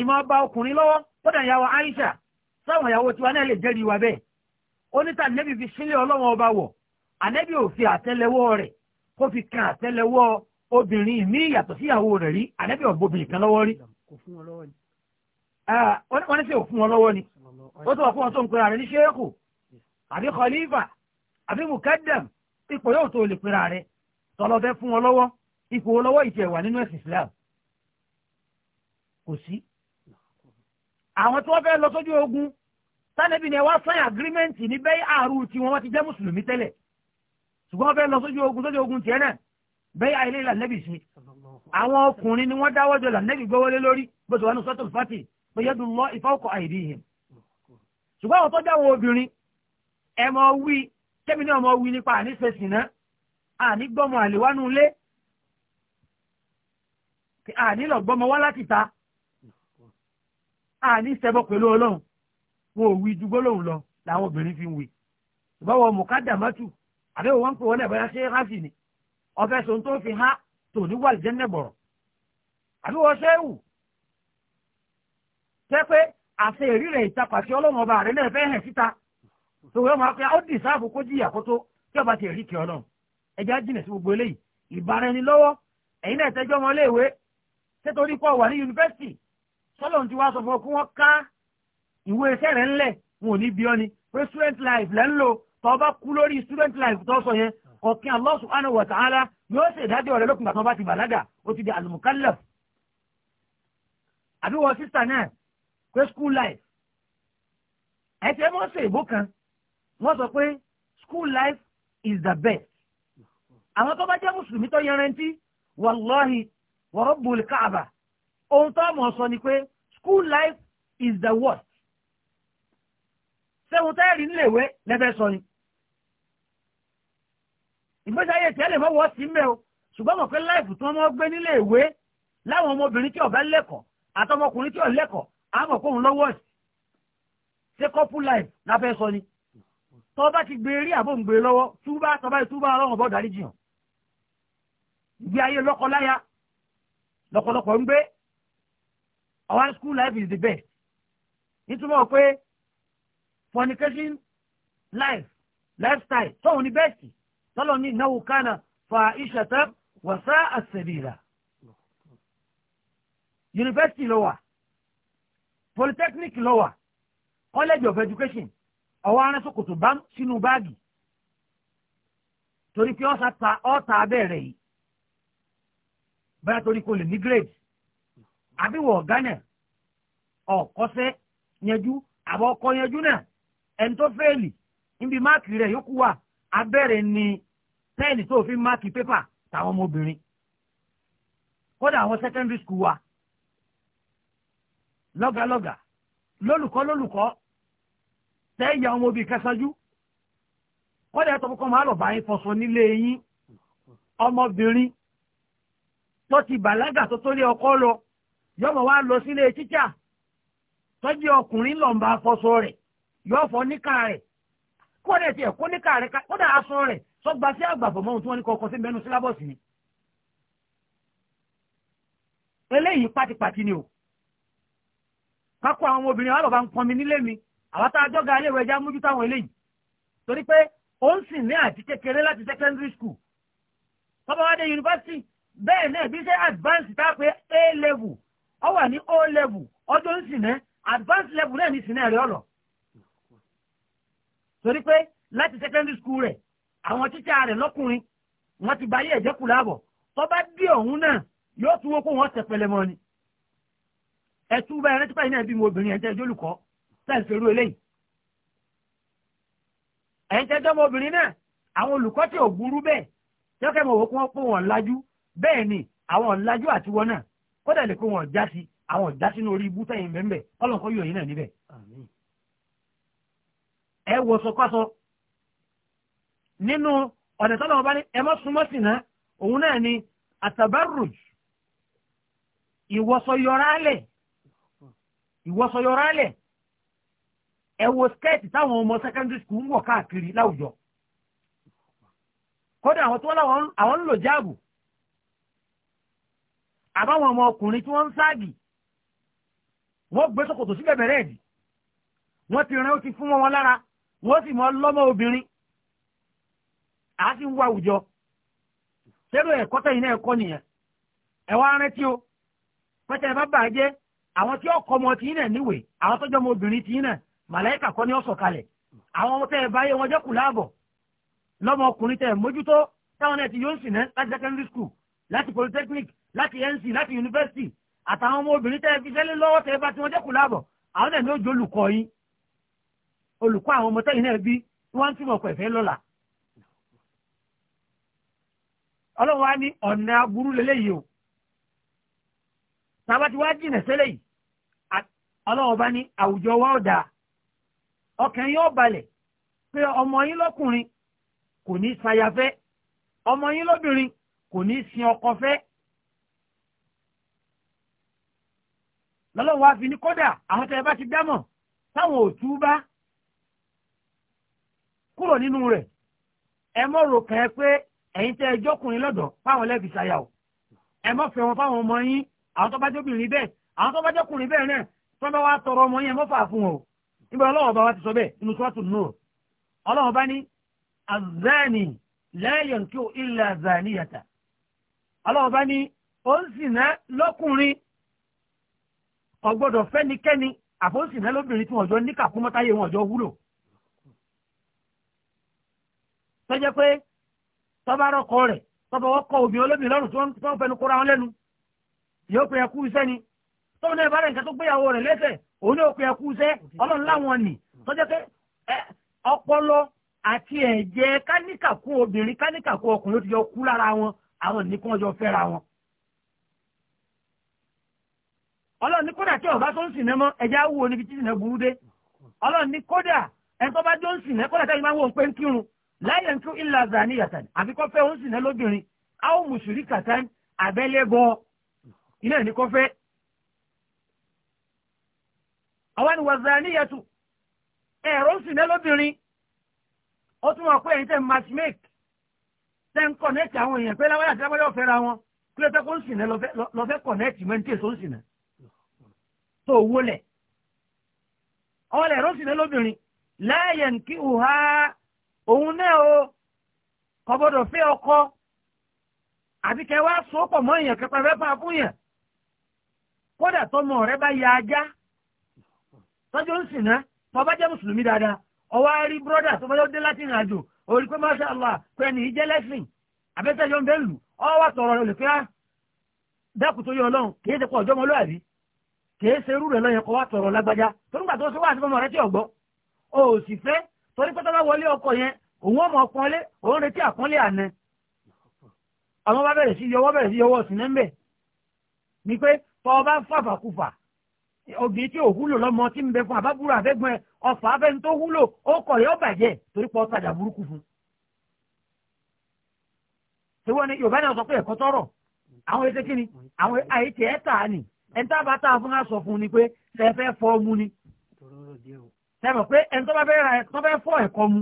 ìmọ̀ ọba ọkùnrin lọ́wọ́ kódà ìyàwó Aisha sáwọn ìyàwó tiwa náà lè jẹ́rìí wa bẹ́ẹ̀ oníta nẹ́bí fi sílé ọlọ́wọ́n ọba wọ̀ ànẹ́bí ò fi àtẹ́lẹwọ́ rẹ̀ kó fi kan àtẹ́lẹwọ́ obìnrin mi yàtọ̀ síyàwó rẹ̀ rí ànábì ọ̀bọ̀bìnrin kan lọ́wọ́ rí wọ́n ní sí òfin wọn lọ́wọ́ ni ó tó wà fún wọn tó ń pera rẹ̀ ní ṣéèkù àbí kọlífà àbí mùkẹ́dẹ̀m ipò yóò tó lè pera rẹ̀ tọ́lọ́fẹ́ fún wọn lọ́wọ́ ipò lọ́wọ́ ìjẹ́ wà nínú ẹ̀sìn Islam kò sí. àwọn tí wọ́n fẹ́ lọ sójú ogun tánẹ́bí ni ẹ wá sign agreement ní bẹ́ẹ̀ àrùn tiwọn wọ́n ti jẹ́ mùsùlùmí tẹ́lẹ̀ ṣùgbọ́n wọ́n fẹ́ lọ sójú ogun sójú ogun tiẹ̀ náà bẹ́ẹ̀ ilé ìlànẹ́bì sí àwọn ọkùnrin ni wọ́n dáwọ́jọ ìlànẹ́bì gbówólé lórí bó ti wà ní sọ́tò fati pé yẹ́dùn lọ ìfọ́kọ̀ àìdí yìí ṣùgbọ́n àwọn tó dáwọ́ obìnrin ẹmọ wí tẹ́mi ní ọmọ wí nípa àníṣẹ́sìn náà àní gbọ́mọ àlèwánú ilé àní lọ gbọ́mọ wá láti ta àní ṣẹbọ pẹ̀lú ọlọ́run wọn ò wí ju gbólóhùn lọ làwọn obìnrin fi ń wí ṣùgbọ́n wọn mọ̀kádàmátù àbẹ́wò wọn pè wọn lẹ́bàá ọ̀fẹ́ sọ tó fi há tò ní wàlì jẹ́nẹ̀ bọ̀rọ̀ àbí wọ́n ṣe é wù tẹ́ pé àṣẹ ìrírẹ̀ ìtapàṣẹ ọlọ́run ọba rẹ̀ náà fẹ́ hẹ̀ síta tó wọ́n máa pẹ́ ó dì sáàbù kó jìyà kó tí ọba ti rí kí ọlọ́run ẹja jìnà sí gbogbo eléyìí ìbára ẹni lọ́wọ́ ẹ̀yin náà tẹ́jọ́ ọmọ iléèwé tẹ́tọ́rí pọ̀ wà ní yunifásitì sọ́lọ́run ti wá sọ fún ọ kí wọ́n ká ìwé iṣẹ́ rẹ̀ ńlẹ̀ wọn ò ní bí ọ ni pé student life lẹ́ ń lò tọ́ bá kú lórí student life tó sọ yẹn ọ̀kẹ́ Allah subhanahu wa ta'ala yóò ṣe ìdájọ́ rẹ̀ lókun gbàtàn bá ti bàlágà ó ti di al àbí wọ sísà náà pé school life ẹ̀ tẹ́ wọ́n ṣe ìbò kan wọ́n sọ pé school life is the best àwọn tó bá jẹ́ mùsùlùmí tó yẹrẹntí wàláhì wa rabbul káàbà ohun tó mọ̀ sọ ni pé school life is the worst ṣé ohun tẹ́ẹ̀rí nílẹ̀ ìwé lẹ́fẹ̀ẹ́ sọ ni. ìgbésí ayé tẹ́lẹ̀ mọ́ wọ́ sí mẹ́ o ṣùgbọ́n mọ̀ pé láìfù tí wọ́n mọ́ gbé nílé ìwé láwọn ọmọbìnrin tí ọ̀bẹ lẹ́kọ̀ọ́ àtọmọkùnrin tí ò lẹ́kọ̀ọ́ àmọ̀ kóhun lọ́wọ́ sí ṣé kọ́pù láìf la fẹ́ sọ ni tọ́ bá ti gbé rí àbò ń gbé lọ́wọ́ túbá tọ́ba ìtúbá ọlọ́run bọ́ dárí jiyàn ìgbé ayé lọ́kọláya lọ́kọlọ́kọ̀ ń gbé our school life is the best nítorí pé fornication life lifestyle tóun ni bẹ́ẹ̀sì tọ́lọ̀ ní ìnáwó kánà fa ìṣẹ̀tẹ́ wàsá àṣẹ̀bìlà yunifásitì ló wà polytechnic ló college of education ọwọ́ aránsókòtò bá sínú báàgì torí pé ọ̀tá abẹ́rẹ́ yìí báyà torí kò lè ní grade àbíwọ̀ ghana ọ̀kọ́sẹ́ yanjú àbọ̀ ọkọ̀ yanjú náà ẹni tó fẹ́ẹ̀lì níbi máàkì rẹ̀ yókù wà abẹ́rẹ́ ni pẹ́ẹ̀nì tó fi máàkì pépà táwọn ọmọbìnrin kódà àwọn secondary school wa lọ́gàlọ́gà lólùkọ́ lólùkọ́ tẹ́yà ọmọ obì kẹsànjú kódà ẹ̀tọ́ kọ́kọ́ máa lọ bá yín fọṣọ nílé yín ọmọbìnrin tó ti bàlágà tó tó lé ọkọ lọ yọmọ wa lọ sílé tíṣà ọkùnrin lọ́nba fọṣọ yọ fọ níkà rẹ. kó rẹ̀ tiẹ̀ kó níkà rẹ̀ kódà aṣọ rẹ̀ sọgbà sí àgbàfọ̀ mọ́ ohun tí wọ́n ní kọ́kọ́ sí mẹ́nu sílábọ̀sì ni. eléyìí pátipàti ni o kákó àwọn obìnrin àwọn bàbá ń pọnmi nílé mi àwọn tá a jọ ga iléèwé ẹja mójútó àwọn eléyìí torí pé ó ń sìn ní àti kékeré láti secondary school tọ́ba wa dé yunifásitì bẹ́ẹ̀ náà bí ṣe advance tá a pé a level ọ wà ní o level ọjọ́ ń sìn náà advance level náà ní sìn náà rẹ̀ ọ̀rọ̀ torí pé láti secondary school rẹ̀ àwọn tíṣà rẹ̀ lọ́kùnrin wọ́n ti báyé ẹ̀jẹ̀ kù láàbọ̀ tó bá dé ọ̀hún náà yóò tún wọ́n kó wọ́n tẹ̀pẹ̀lẹ̀ mọ́ ni. ẹ̀tú bá ẹrẹ́ típa yìí náà bí mo obìnrin ẹ̀jẹ̀ ẹjọ́ olùkọ́ sẹ́ǹsẹ̀rú eléyìí. ẹ̀jẹ̀ ẹjọ́ mo obìnrin náà àwọn olùkọ́ tí ò burú bẹ́ẹ̀ tẹ́kẹ́ mọ̀ wò kí wọ́n pọ̀ wọ́n lájú bẹ́ẹ̀ ni àwọn lájú àti wọn náà kódà lè kó wọn já sí àwọn já sínú orí ibú tẹ̀yìn mẹ́mbẹ́ ọlọ́nkọ́ yóò yín náà níbẹ̀. àmín ẹ wọ sọkọsọ nínú ọ̀dẹ̀ tọ́lọ̀ ọba ní ẹ mọ́ súnmọ́ sí náà òun náà ni àtàbárùj ìwọsọyọrálẹ̀ ìwọsọyọrálẹ̀ ẹ wo skẹ́ẹ̀tì táwọn ọmọ secondary school ń wọ̀ káàkiri láwùjọ kódà àwọn tó wọ́n àwọn ń lò jáàbù àbáwọn ọmọ ọkùnrin tí wọ́n ń ságì wọ́n gbé ṣòkòtò sí bẹ̀bẹ̀rẹ̀ ẹ̀dì wọ́n ti rán ó ti fún wọn lára wọ́n sì mọ́ lọ́mọ obìnrin a ti ń wá àwùjọ ṣẹ́rù ẹ̀kọ́ tẹ̀yìn náà ẹ̀kọ́ nìyẹn ẹ̀wọ́n arẹ́tí o pẹ́tẹ́ ẹ bá bà á jẹ́ àwọn tí ọkọ ọmọ tìyín náà níwèé àwọn tọ́jú ọmọ obìnrin tìyín náà màláìkà kọ́ ni ó sọ̀kalẹ̀ àwọn ọmọ tẹ́ ẹ báyé wọn jẹ́ kù láàbọ̀ lọ́mọ ọkùnrin tẹ́ ẹ mójútó táwọn náà ti yóò sìn náà láti secondary school láti polytechnic láti nc láti university àtàwọn ọmọ obìnrin tẹ́ ẹ fi sẹ́lẹ̀ lọ́wọ́ tẹ́ ẹ bá tí wọ́n jẹ́ kù láàbọ̀ àwọn náà ní ó jólùkọ́ yín olùkọ́ àwọn ọmọ tẹ́yìn náà bí wọ́n ń túmọ̀ pẹ̀fẹ́ lọ́la ọlọ́run wá ní ọ̀nà aburú lélẹ́yìí o tàbá ti wá jìnà sẹ́lẹ̀ yìí ọlọ́run bá ní àwùjọ wa ọ̀dà ọkàn yóò balẹ̀ pé ọmọ yín lọ́kùnrin kò ní sayafẹ́ ọmọ yín lóbìnrin kò ní sin ọkọ fẹ́ lọ́lọ́run wá fi ní kódà àwọn tẹ̀lé bá ti dámọ̀ táwọn ò túbá kúrò nínú rẹ̀ ẹ mọ̀ rò kàn ẹ́ pé ẹ̀yin tẹ́ ẹ jọ́kùnrin lọ́dọ̀ o ẹ fẹ́ wọn fáwọn ọmọ yín àwọn tó bá àwọn tó bá bẹ́ẹ̀ náà tó tọrọ ọmọ yín ẹ fà fún o níbo ọlọ́wọ́ bá wa sọ bẹ́ẹ̀ inú nù ọlọ́wọ́ bá ní azani lẹ́yìn kí o ilẹ̀ azani yàtà ọlọ́wọ́ bá ní ń tó jẹ́ pé tọ́ba rọ́kọ rẹ̀ tọ́ba ọkọ obìnrin olóbìnrin lọ́rùn tí wọ́n fẹnu kóra wọn lẹ́nu yóò pe ẹkú iṣẹ́ ni tóun náà ìbára nǹkan tó gbéyàwó rẹ̀ lẹ́sẹ̀ òun náà pe ẹkú iṣẹ́ ọlọ́run láwọn nì tó jẹ́ pé ọpọlọ àti ẹ̀jẹ̀ káníkàkú obìnrin káníkàkú ọkùnrin ó ti yọ kú lára wọn àwọn ní kí wọ́n jọ fẹ́ra wọn. ọlọ́run ní kódà tí ọba tó tó bá jó ń sìn mẹ́ kódà tẹ́lẹ̀ máa ń wò ń pé ń kírun láyé ntú ilà zaniyatan àfi kọ́ fẹ́ òun sì ná lóbìnrin àwọn mùsùlùmí kàtán abẹ́lẹ́bọ iná ní kọ́ fẹ́. àwọn ni wà zaniyatu ẹ̀rọ sì ná lóbìnrin ó tún wà pé ẹ̀yin tẹ́ matchmake tẹ́ ń kọ̀nẹ́tì àwọn èèyàn pé láwọn àti lábọ́dọ̀ fẹ́ra wọn kí ló fẹ́ kó ń sì ná lọ́fẹ́ kọ̀nẹ́tì mẹ́ni èso ń sì ná tó wọlé ọ̀lẹ̀ ẹ̀rọ sì ná lóbìnrin láyé nkí ùhá òun náà o kò gbọ́dọ̀ fẹ́ ọkọ àti kẹ wá so pọ̀ mọ́ èèyàn kẹpẹ fẹ́ fà fún yàn kódà tọmọ rẹ bá ya ajá tọ́jú ń sìn náà tọ́ bá jẹ́ mùsùlùmí dáadáa ọwọ́ á rí bírọ́dà tó bá yọ dé láti ìrìn àjò orí pé masha allah pé ẹni ìjẹ́ lẹ́sìn abẹ́tẹ̀ yọ ń bẹ́ lù ọwọ́ tọ̀rọ̀ rẹ̀ lùfẹ́ dákùn tó yọ ọlọ́run kìí ṣe pọ̀ ọjọ́ ọmọlúwàbí kìí ṣe irú rẹ̀ lọ́yẹn kọ́ wá lágbájá tó nígbà tó ṣe wá àti fọmọ rẹ tí ọ̀gbọ́ o ò torí pé tó bá wọlé ọkọ yẹn òun ọmọ ọpọnlé òun retí àpọ́nlé àná àwọn bá bẹ̀rẹ̀ sí yọwọ́ bẹ̀rẹ̀ sí yọwọ́ sí nẹ́m̀bẹ̀ ni pé tọ́ bá ń fàfàkùfà obìnrin tí ò wúlò lọ́mọ tí ń bẹ fún àbábúrò àbẹ́gbọ́n ẹ ọ̀fà abẹ́ni tó wúlò ó kọ̀ yọ bàjẹ́ torí pé ọ̀tajà burúkú fún. tiwọn ni yorùbá náà sọ pé ẹ̀kọ́ tọrọ àwọn ètè kí ni àwọn àìtì ẹ̀ tà á ẹ̀ ń tábà fún wa sọ fún ni pé ṣẹ̀fẹ̀ fọ́ ọmú ni sẹ́mọ̀ pé ẹni tó bá fẹ́ ra ẹ̀kọ́ bẹ́ẹ̀ fọ́ ẹ̀kọ́ mu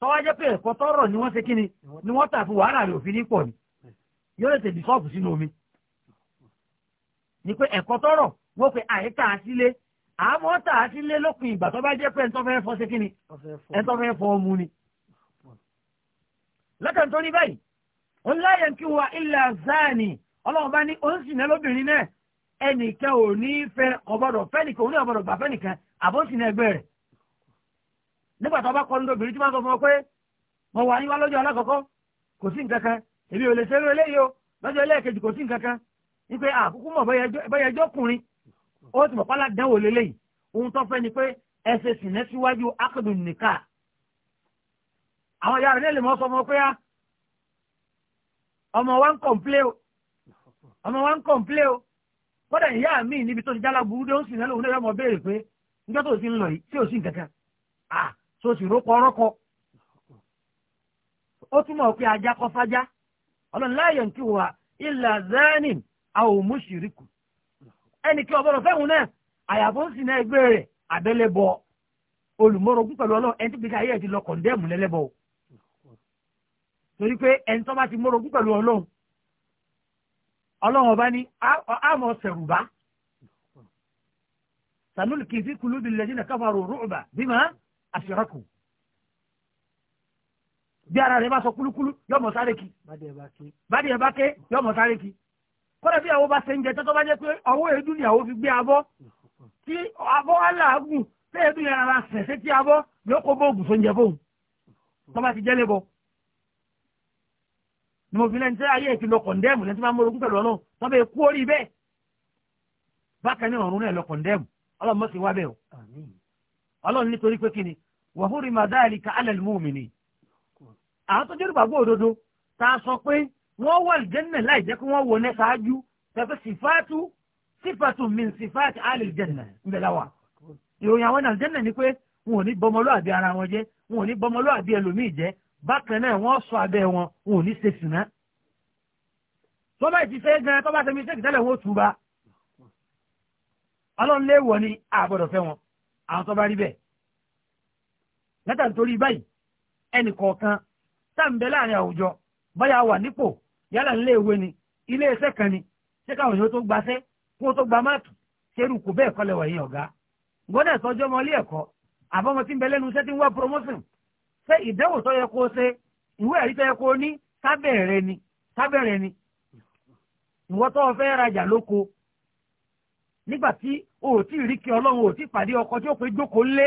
tó wá jẹ́ pé ẹ̀kọ́ tọrọ ni wọ́n ṣe kí ni ni wọ́n tà fún wàhálà rẹ̀ òfin ní ni yóò lè tẹ̀lé sọ́ọ̀bù sínú omi ni pé ẹ̀kọ́ tọrọ wọ́n pe àyíká sílé àmọ́ tà á sílé lópin ìgbà tó bá jẹ́ pé ẹni tó fẹ́ fọ́ ṣe kí ni ẹni tó fẹ́ fọ́ mu ni. lọ́kàn tó ní báyìí ńláyẹn kí wa ilẹ̀ zani ọlọ́run bá ní òun sì náà lóbìnrin náà ẹnìkan ò ní fẹ́ ọ̀bọ̀dọ̀ fẹ́nìkan nígbà tó bá kọ́ ní obìnrin tí wọ́n sọ fún ọ pé mo wà ní wá lọ́jọ́ alákọ̀ọ́kọ́ kò sí nǹkan kan èmi ò lè ṣe eré eléyìí o lọ́jọ́ ẹlẹ́ẹ̀kejì kò sí nǹkan kan wípé àkókò mọ̀ bẹ́yẹ ẹjọ́ kùnrin ó ti mọ̀ pálá dánwò lélẹ́yìí ohun tó fẹ́ ni pé ẹsẹ̀ sì ná síwájú akadu nìka àwọn yàrá nílẹ̀ mọ́ sọ ọmọ pé ọmọ wa ń kọ̀m̀plé o ọmọ wa ń kọ̀m̀plé o kọ́dà ìyá mi níbi tó ti jálá burú dé ó sì náà lòun náà yọ ọmọ béèrè pé tó sì rókọ ọrọ́kọ ó túmọ̀ pé ajá kọ́ fájá ọlọ́run láàyè ń kíwò wá ilà zanin àwọn òmùsìríkù ẹnì kí ọ̀bọ̀rọ̀ fẹ́hùn náà àyàfó sì náà ẹgbẹ́ rẹ̀ àbẹ́lẹ́bọ̀ olùmọ̀rọ̀gún pẹ̀lú ọlọ́run ẹni tó gbé ayé ẹ̀ ti lọ kọ̀ndẹ́ẹ̀mù lẹ́lẹ́bọ̀ o torí pé ẹni tó bá ti mọ̀rọ̀gún pẹ̀lú ọlọ́run ọlọ́run ọba ní àmọ̀ sẹ̀rùbá sanúlù kìí fi kùlù bìlẹ̀ àṣìrákù bí ara rẹ̀ bá sọ kúlúkúlú yóò mọ̀ sáré kí bádìí ẹ̀ bá ké yóò mọ̀ sáré kí kọ́dà bí àwọn bá ṣe ń jẹ tọ́tọ́ bá jẹ́ pé ọwọ́ èédú ni àwọn fi gbé abọ́ tí abọ́ aláàgùn tí èédú yẹn ara sẹ̀sẹ̀ tí abọ́ yóò kó bóògùn sóúnjẹ fóun tó bá ti jẹ́ lébọ̀ ni mo fi lẹ́ni tí ayé ti lọ kọ̀ndẹ́mù lẹ́ni tí máa ń mọ́rogún pẹ̀lú tó bẹ́ẹ̀ kú orí bẹ́ẹ̀ bákan ní ọ̀run náà lọ kọ̀ndẹ́mù ọlọ́run mọ́ sí wá bẹ́ẹ̀ o ọlọ́run nítorí pé kíni wàhúrì màdáàlì ká alẹ́ mùmìnì. àwọn tó jẹ́ olùgbàgbọ́ òdodo tá a sọ pé wọ́n wà lìjẹ́nà láì jẹ́ kí wọ́n wọ ní ṣáájú tẹ̀fẹ́ sífàtú sífàtú min sífàtú alẹ́ lìjẹ́nà ńbẹ̀ láwà. ìròyìn àwọn àlìjẹ́nà ni pé wọn ò ní bọmọlúàbí ara wọn jẹ́ wọn ò ní bọmọlúàbí ẹlòmíì jẹ́ bákan náà wọ́n sọ abẹ́ wọn wọn ò ní ṣe sìnà. tó bá ti fẹ́ gan tó bá tẹ̀mí sẹ́kì tẹ́lẹ̀ wọn ò túba. ọlọ́run léèwọ̀ ni àbọ̀dọ̀ fẹ́ wọn àwọn tó bá rí bẹ́ẹ̀ látàn torí báyìí ẹnì kọ̀ọ̀kan táǹbẹ̀ láàrin àwùjọ báyà wà nípò yálà nílé ìwé ni ilé iṣẹ́ kan ni ṣé káwọn èèyàn tó gbaṣẹ́ kó tó gba máàtù ṣerú kò bẹ́ẹ̀ kọ́lẹ̀ wọ̀nyí ọ̀gá gbọ́dọ̀ sọjọ́ ọmọ ilé ẹ̀kọ́ àbọ̀mọ tí ń bẹ lẹ́nu iṣẹ́ tí ń wá promotion ṣé ìdánwò tó yẹ kó ṣe ìwé ẹ̀rí tó yẹ kó ní sábẹ̀rẹ̀ ni sábẹ̀rẹ̀ ni ìwọ tó fẹ́ rajà lóko nígbà tí o ò tí ì rí kí ọlọ́run ò tí ì pàdé ọkọ tí ó pe jókòó lé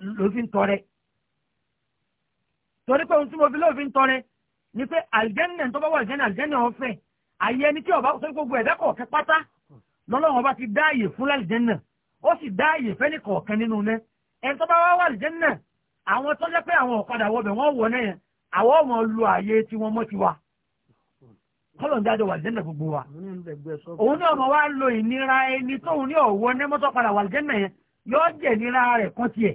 ló fi ń tọrẹ torí pé ohun tí mo fi lóòfin tọrẹ ni pé àlìjẹ́nà tó bá wà àlìjẹ́nà àlìjẹ́nà ọ̀fẹ́ àyè ẹni tí ọba sọ gbogbo ẹ̀dá kọ̀ọ̀kẹ́ pátá lọ́lọ́run ọba ti dá àyè fún àlìjẹ́nà ó sì dá àyè fẹ́ni kọ̀ọ̀kan nínú náà ẹni tó bá wá wà àlìjẹ́nà àwọn tó jẹ́ pé àwọn ọ̀kadà wọbẹ̀ wọ́n wọ náà yẹn àwọn ọmọ lu àyè tí wọ́n mọ́ ti wa kọ́lọ̀ ń dájọ́ wà àlìjẹ́nà gbogbo wa òun náà mọ̀ wá lo ìnira ẹni tóun ní ọ̀wọ́ ní mọ́tò padà wà àlìjẹ́nà yẹn yóò jẹ́ ìnira rẹ̀ kan tiẹ̀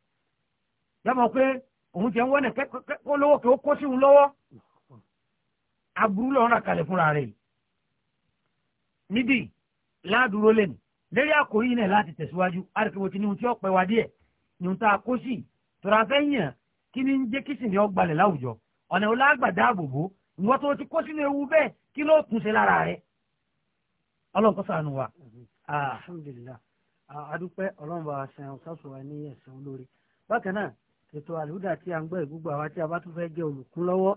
yọmọ pé òun jẹ́ wọ́n nìkẹ́ kó lówó kí ó kó sí òun lọ́wọ́ aburú lọ́rùn àkàlẹ̀ fúnra rẹ̀ níbi ládùúró lẹ́nu lérí àkòrí náà láti tẹ̀síwájú àdìkìbò tí ni ohun tí ó pẹ́ wá díẹ̀ ni ohun tá a kó sí tọ́ra fẹ́ yàn kí ni ń jẹ́ kí sì ni ó gbalẹ̀ láwùjọ ọ̀nà ìwọlá àgbàdá àbòbò ìwọ́n tó ti kó sínú ewu bẹ́ẹ̀ kí ló kùn sí lára rẹ̀ ọlọ́run kó ṣàánú wa. alhamdulilayi adúpẹ́ ọlọ́run bá a sẹ́yìn ọ̀sán sọ̀rọ̀ ní ẹ̀sán olórí bákan náà ètò àlùdà tí a ń gbọ́ ìgbógbó àwa tí a bá tún fẹ́ jẹ́ olùkún lọ́wọ́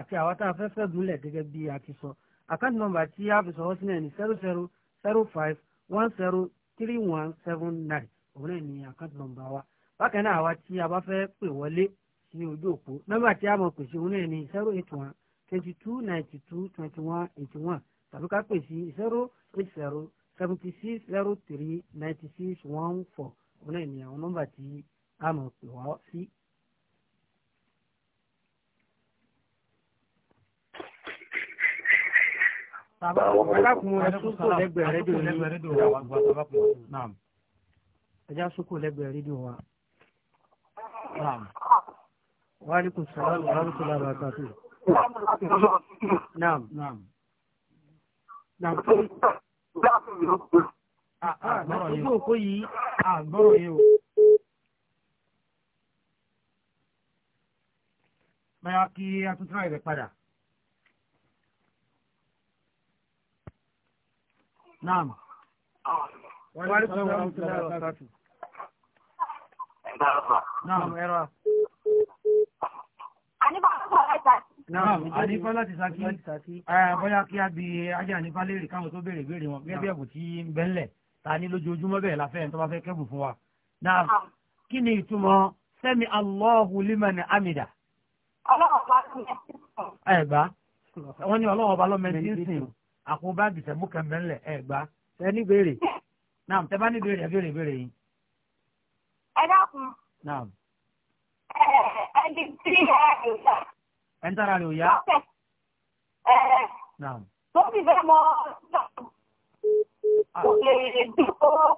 àti àwa tá a fẹ́ fẹ́ gúnlẹ̀ gẹ́gẹ́ bí a ti sọ àkáǹtì nọ́mbà tí a fi sọ̀rọ̀ sílẹ̀ ní zero zero zero five one zero three one seven nine òun náà ni àkáǹtì nọ́mbà wa bákan náà àwa tí a bá fẹ́ pè wọlé sí ojú òpó nọ́mbà tí a mọ̀ pèsè òun náà ni zero eight one twenty two ninety two twenty one eighty one tàbí ká pè zero eight zero seventy six zero three ninety six one four òun náà ni àwọn nọ́mbà tí a mọ̀ pè wá sí. Bàbá sókò lẹ́gbẹ̀ẹ́ rédíò wa. wa. Wa alaikum salaam wa rahmatullahi wa barakatuh. Naam. Naam. Àgbọ̀rọ̀ yìí. Àgbọ̀rọ̀ báyà kí atúntúrà rẹ̀ padà. naam. wàhálà ìsọ̀rọ̀ wàhálà ìsọ̀rọ̀ wàhálà ìsọ̀rọ̀. naam ẹ̀rọ. Ànífà láti Ṣakí. Bọ́yá kí a bi ajé ànífà léèrè káwọn tó béèrè ìbéèrè wọn. Gẹ́gẹ́ bí ẹ̀bùn tí ń bẹ ńlẹ̀ ta ní lójoojúmọ́ bẹ̀rẹ̀ láfẹ́ ẹni tó bá fẹ́ kẹ́bùn fún wa. Náà kí ni ìtumọ̀ sẹ́mi Allahu liman amida? ẹgbà wọn ní ọlọ́wọ́ ọba lọ́mọ ẹni sìn àkóbá bìtẹ̀bù kẹmẹ́lẹ̀ ẹgbà ẹ ní béèrè náà tẹ bá ní béèrè ẹ béèrè béèrè yín. ẹ dákun. náà. ẹ ẹ di tí ara rẹ ò yá. ẹ ń tara rẹ ò yá. ẹ ẹ. náà. tó fi fẹ́ mọ ah. kò lè dùn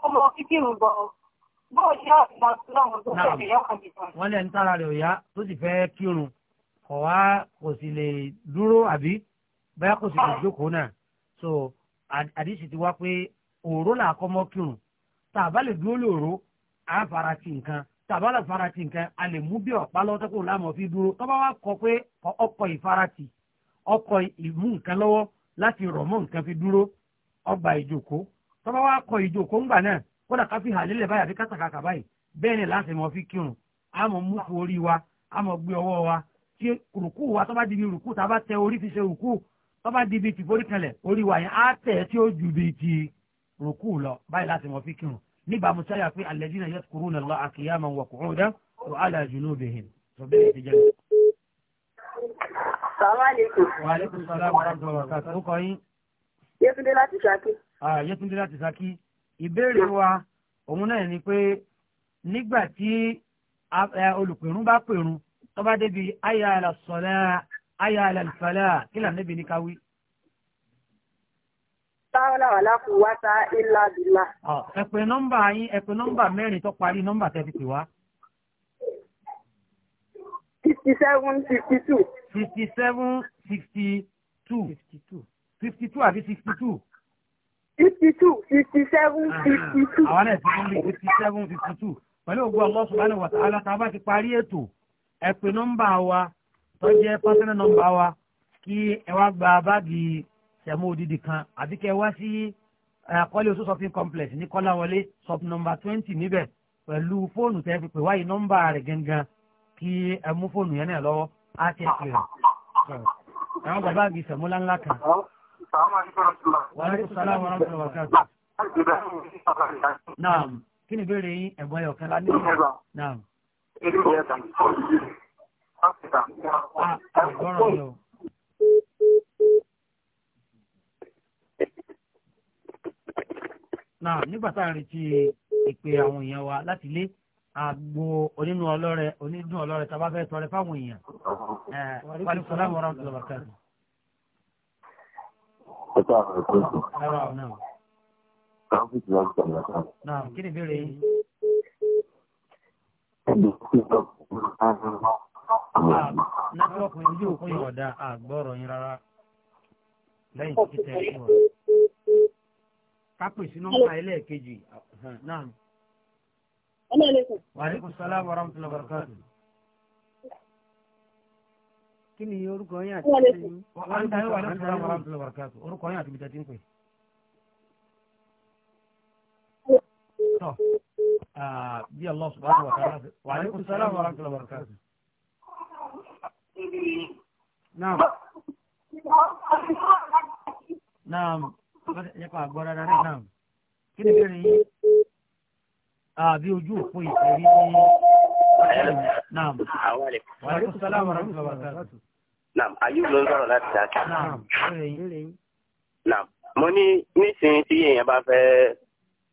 ọmọ kíkìrù bọ̀ bó ṣe ọ̀sán lọ́wọ́ tó fẹ́ yọkàn jù. wọ́n lẹ́ ń tara rẹ ò tó sì fẹ́ kírun. kò wá kò sì lè dúró àbí báyà kò sì lè jókòó náà so àdìsí ti wá pé òòró là kọ́ kírun tá a bá lè dúró à fara ti nǹkan tá a bá lè fara ti nǹkan a lè mú bí ọ̀pá lọ́wọ́ láàmú fi dúró tó wá kọ pé ọkọ̀ ìfarati ọkọ̀ ìmú nǹkan lọ́wọ́ láti rọ̀ mọ́ nǹkan fi dúró ọgbà ìjókòó wá kọ ìjókòó ńgbà náà kódà ká fi hàlẹ́lẹ̀ kátàkàkà báyìí bẹ́ẹ̀ ni láti mọ̀ fi kírun wa gbé ọwọ́ wa tí rùkú wa tó bá di bí rùkú tá a bá tẹ orí fi ṣe rùkú tó bá di bí tìforí kanlẹ̀ orí wa yẹn á tẹ̀ tí ó ju bí ti rùkú lọ báyìí láti mọ̀ fi kírun nígbà sáyà pé alladhina yadhkuruna Allaha qiyaman wa qu'udan wa ala junubihim tó bẹ́ẹ̀ ti jẹ́ Wàlékún sọ́lá mọ̀ ọ́n sọ̀rọ̀ kàtà ó kọ́ láti Ṣakí. Ìbéèrè wa òun náà ni pé nígbà tí olùpẹ̀rún bá pẹ̀rún tó bá débi ayé àlà sọ̀lá ayé àlà ìfàlà kí là níbi ní káwí. Táwọ́lá wà lákùú wá sá ilá bìlá. Ẹ nọ́mbà yín ẹ nọ́mbà mẹ́rin tó parí nọ́mbà tẹ́bi pè wá. Fifty seven fifty two. Fifty seven sixty two. Fifty two. Fifty two àbí sixty two. 52, 57, 52. Àwọn ẹ̀sìn fún mi 57, 52. Pẹ̀lú ògbó Allah subhanahu wa ta'ala tá a bá ti parí ètò ẹ pè nọ́mbà wa tó jẹ́ pásánà wa kí ẹ wá gba báàgì sẹ̀mú odidi kan àbí kẹ́ wá sí àkọlé oṣù shopping complex ní kọ́láwọlé shop number twenty níbẹ̀ pẹ̀lú fóònù tẹ́ fi pè wáyé nọ́mbà rẹ̀ gangan kí ẹ mú fóònù yẹn náà lọ́wọ́ á ti ẹ̀ pè rẹ̀ àwọn bàbá àgbì sẹ̀mú láńlá kan. wàhálà sàlá wọn rántí wọn kan. naam kí ni ìbéèrè yín ẹ̀gbọ́n ẹ̀yọ̀kan lá náà nígbà tá a retí ìpè àwọn èèyàn wa láti lé àgbo onínú ọlọ́rẹ onídùn ọlọ́rẹ tá a bá fẹ́ tọrẹ fáwọn èèyàn wàlú sọlá wọn rántí lọ́wọ́ kẹrin. Náà kí ni ìbéèrè yìí? àdó tí tẹ̀ ẹ́ fún ọ. kápẹ́ sí nọ́mbà ẹlẹ́ẹ̀kejì náà. wa alaikum salaam wa rahmatullahi wa barakatuh. kí orúkọ yín àti orúkọ yín àti bí Allah subhanahu wa ta'ala wa alaikum salaam wa rahmatullahi wa barakatuh. naam naam yẹpa àgbọ̀ rárá rẹ̀ naam kí ni bẹ́ẹ̀ ni àbí ojú òpó ìtẹ̀rí ní naam wa alaikum salaam wa rahmatullahi wa barakatuh. naam ayé ló ń sọ̀rọ̀ láti dáa. naam mo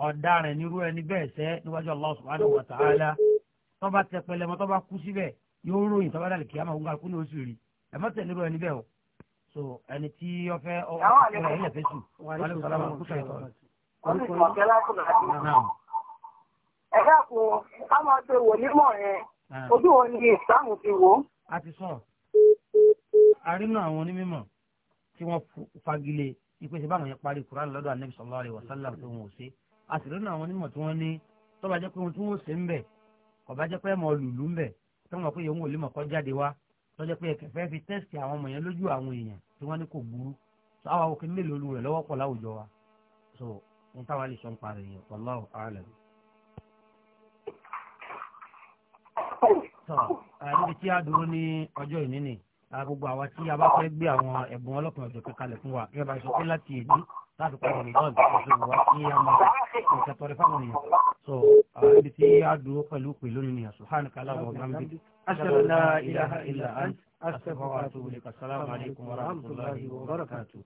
ọ̀daràn nírú ẹni bẹ́ẹ̀ sẹ́ níwájú Allah subhanahu wa ta'ala tó bá tẹ pẹlẹmọ tó bá kú síbẹ̀ yóò ròyìn tó bá dàlẹ́ kí á máa wúkà kú ní oṣù rí ẹ má tẹ̀ nírú ẹni bẹ́ẹ̀ o so ẹni tí ó fẹ́ ọ ọ̀rọ̀ ilẹ̀ fẹ́ sùn wàlẹ́ sọ̀rọ̀ àwọn máa ṣe wò nímọ̀ yẹn àrínú àwọn onímọ̀ tí wọ́n fagilé ìpèsè báwọn yẹn parí Kùránì lọ́dọ̀ Ànábì sallallahu alaihi wasallam tó ń wò sí a sì lónà àwọn onímọ̀ tí wọ́n ní tó bá jẹ́ pé ohun tí wọ́n ṣe ń bẹ̀ kò bá jẹ́ pé ẹ̀mọ lùlù ń bẹ̀ tó mọ̀ pé òun ò lè mọ̀ kọ́ jáde wá tó pé ẹ̀kẹ́ fẹ́ fi tẹ́sítì àwọn ọmọ yẹn lójú àwọn èèyàn tí wọ́n ní kò burú tó àwa òkè mélòó lu rẹ̀ lọ́wọ́ pọ̀ láwùjọ wa so ohun táwa lè sọ ń parí yẹn wallahu a'lam. tọ́ níbi tí a dúró ní ọjọ́ ìní ni gbogbo àwa tí a bá fẹ́ gbé àwọn ẹ̀bùn ọlọ́kùnrin ọ̀jọ̀ kẹkalẹ̀ fún wa gẹ́gẹ́ bá a pé láti èdè láti pa ìrìn náà ìṣòro wa kí a máa ìṣàtọrẹ fáwọn èèyàn so ibi tí a dúró pẹ̀lú pè lónìí nìyà subhanaka Allahumma wa bihamdika ashhadu an la ilaha illa anta astaghfiruka wa atubu ilaik assalamu alaikum wa rahmatullahi wa barakatuh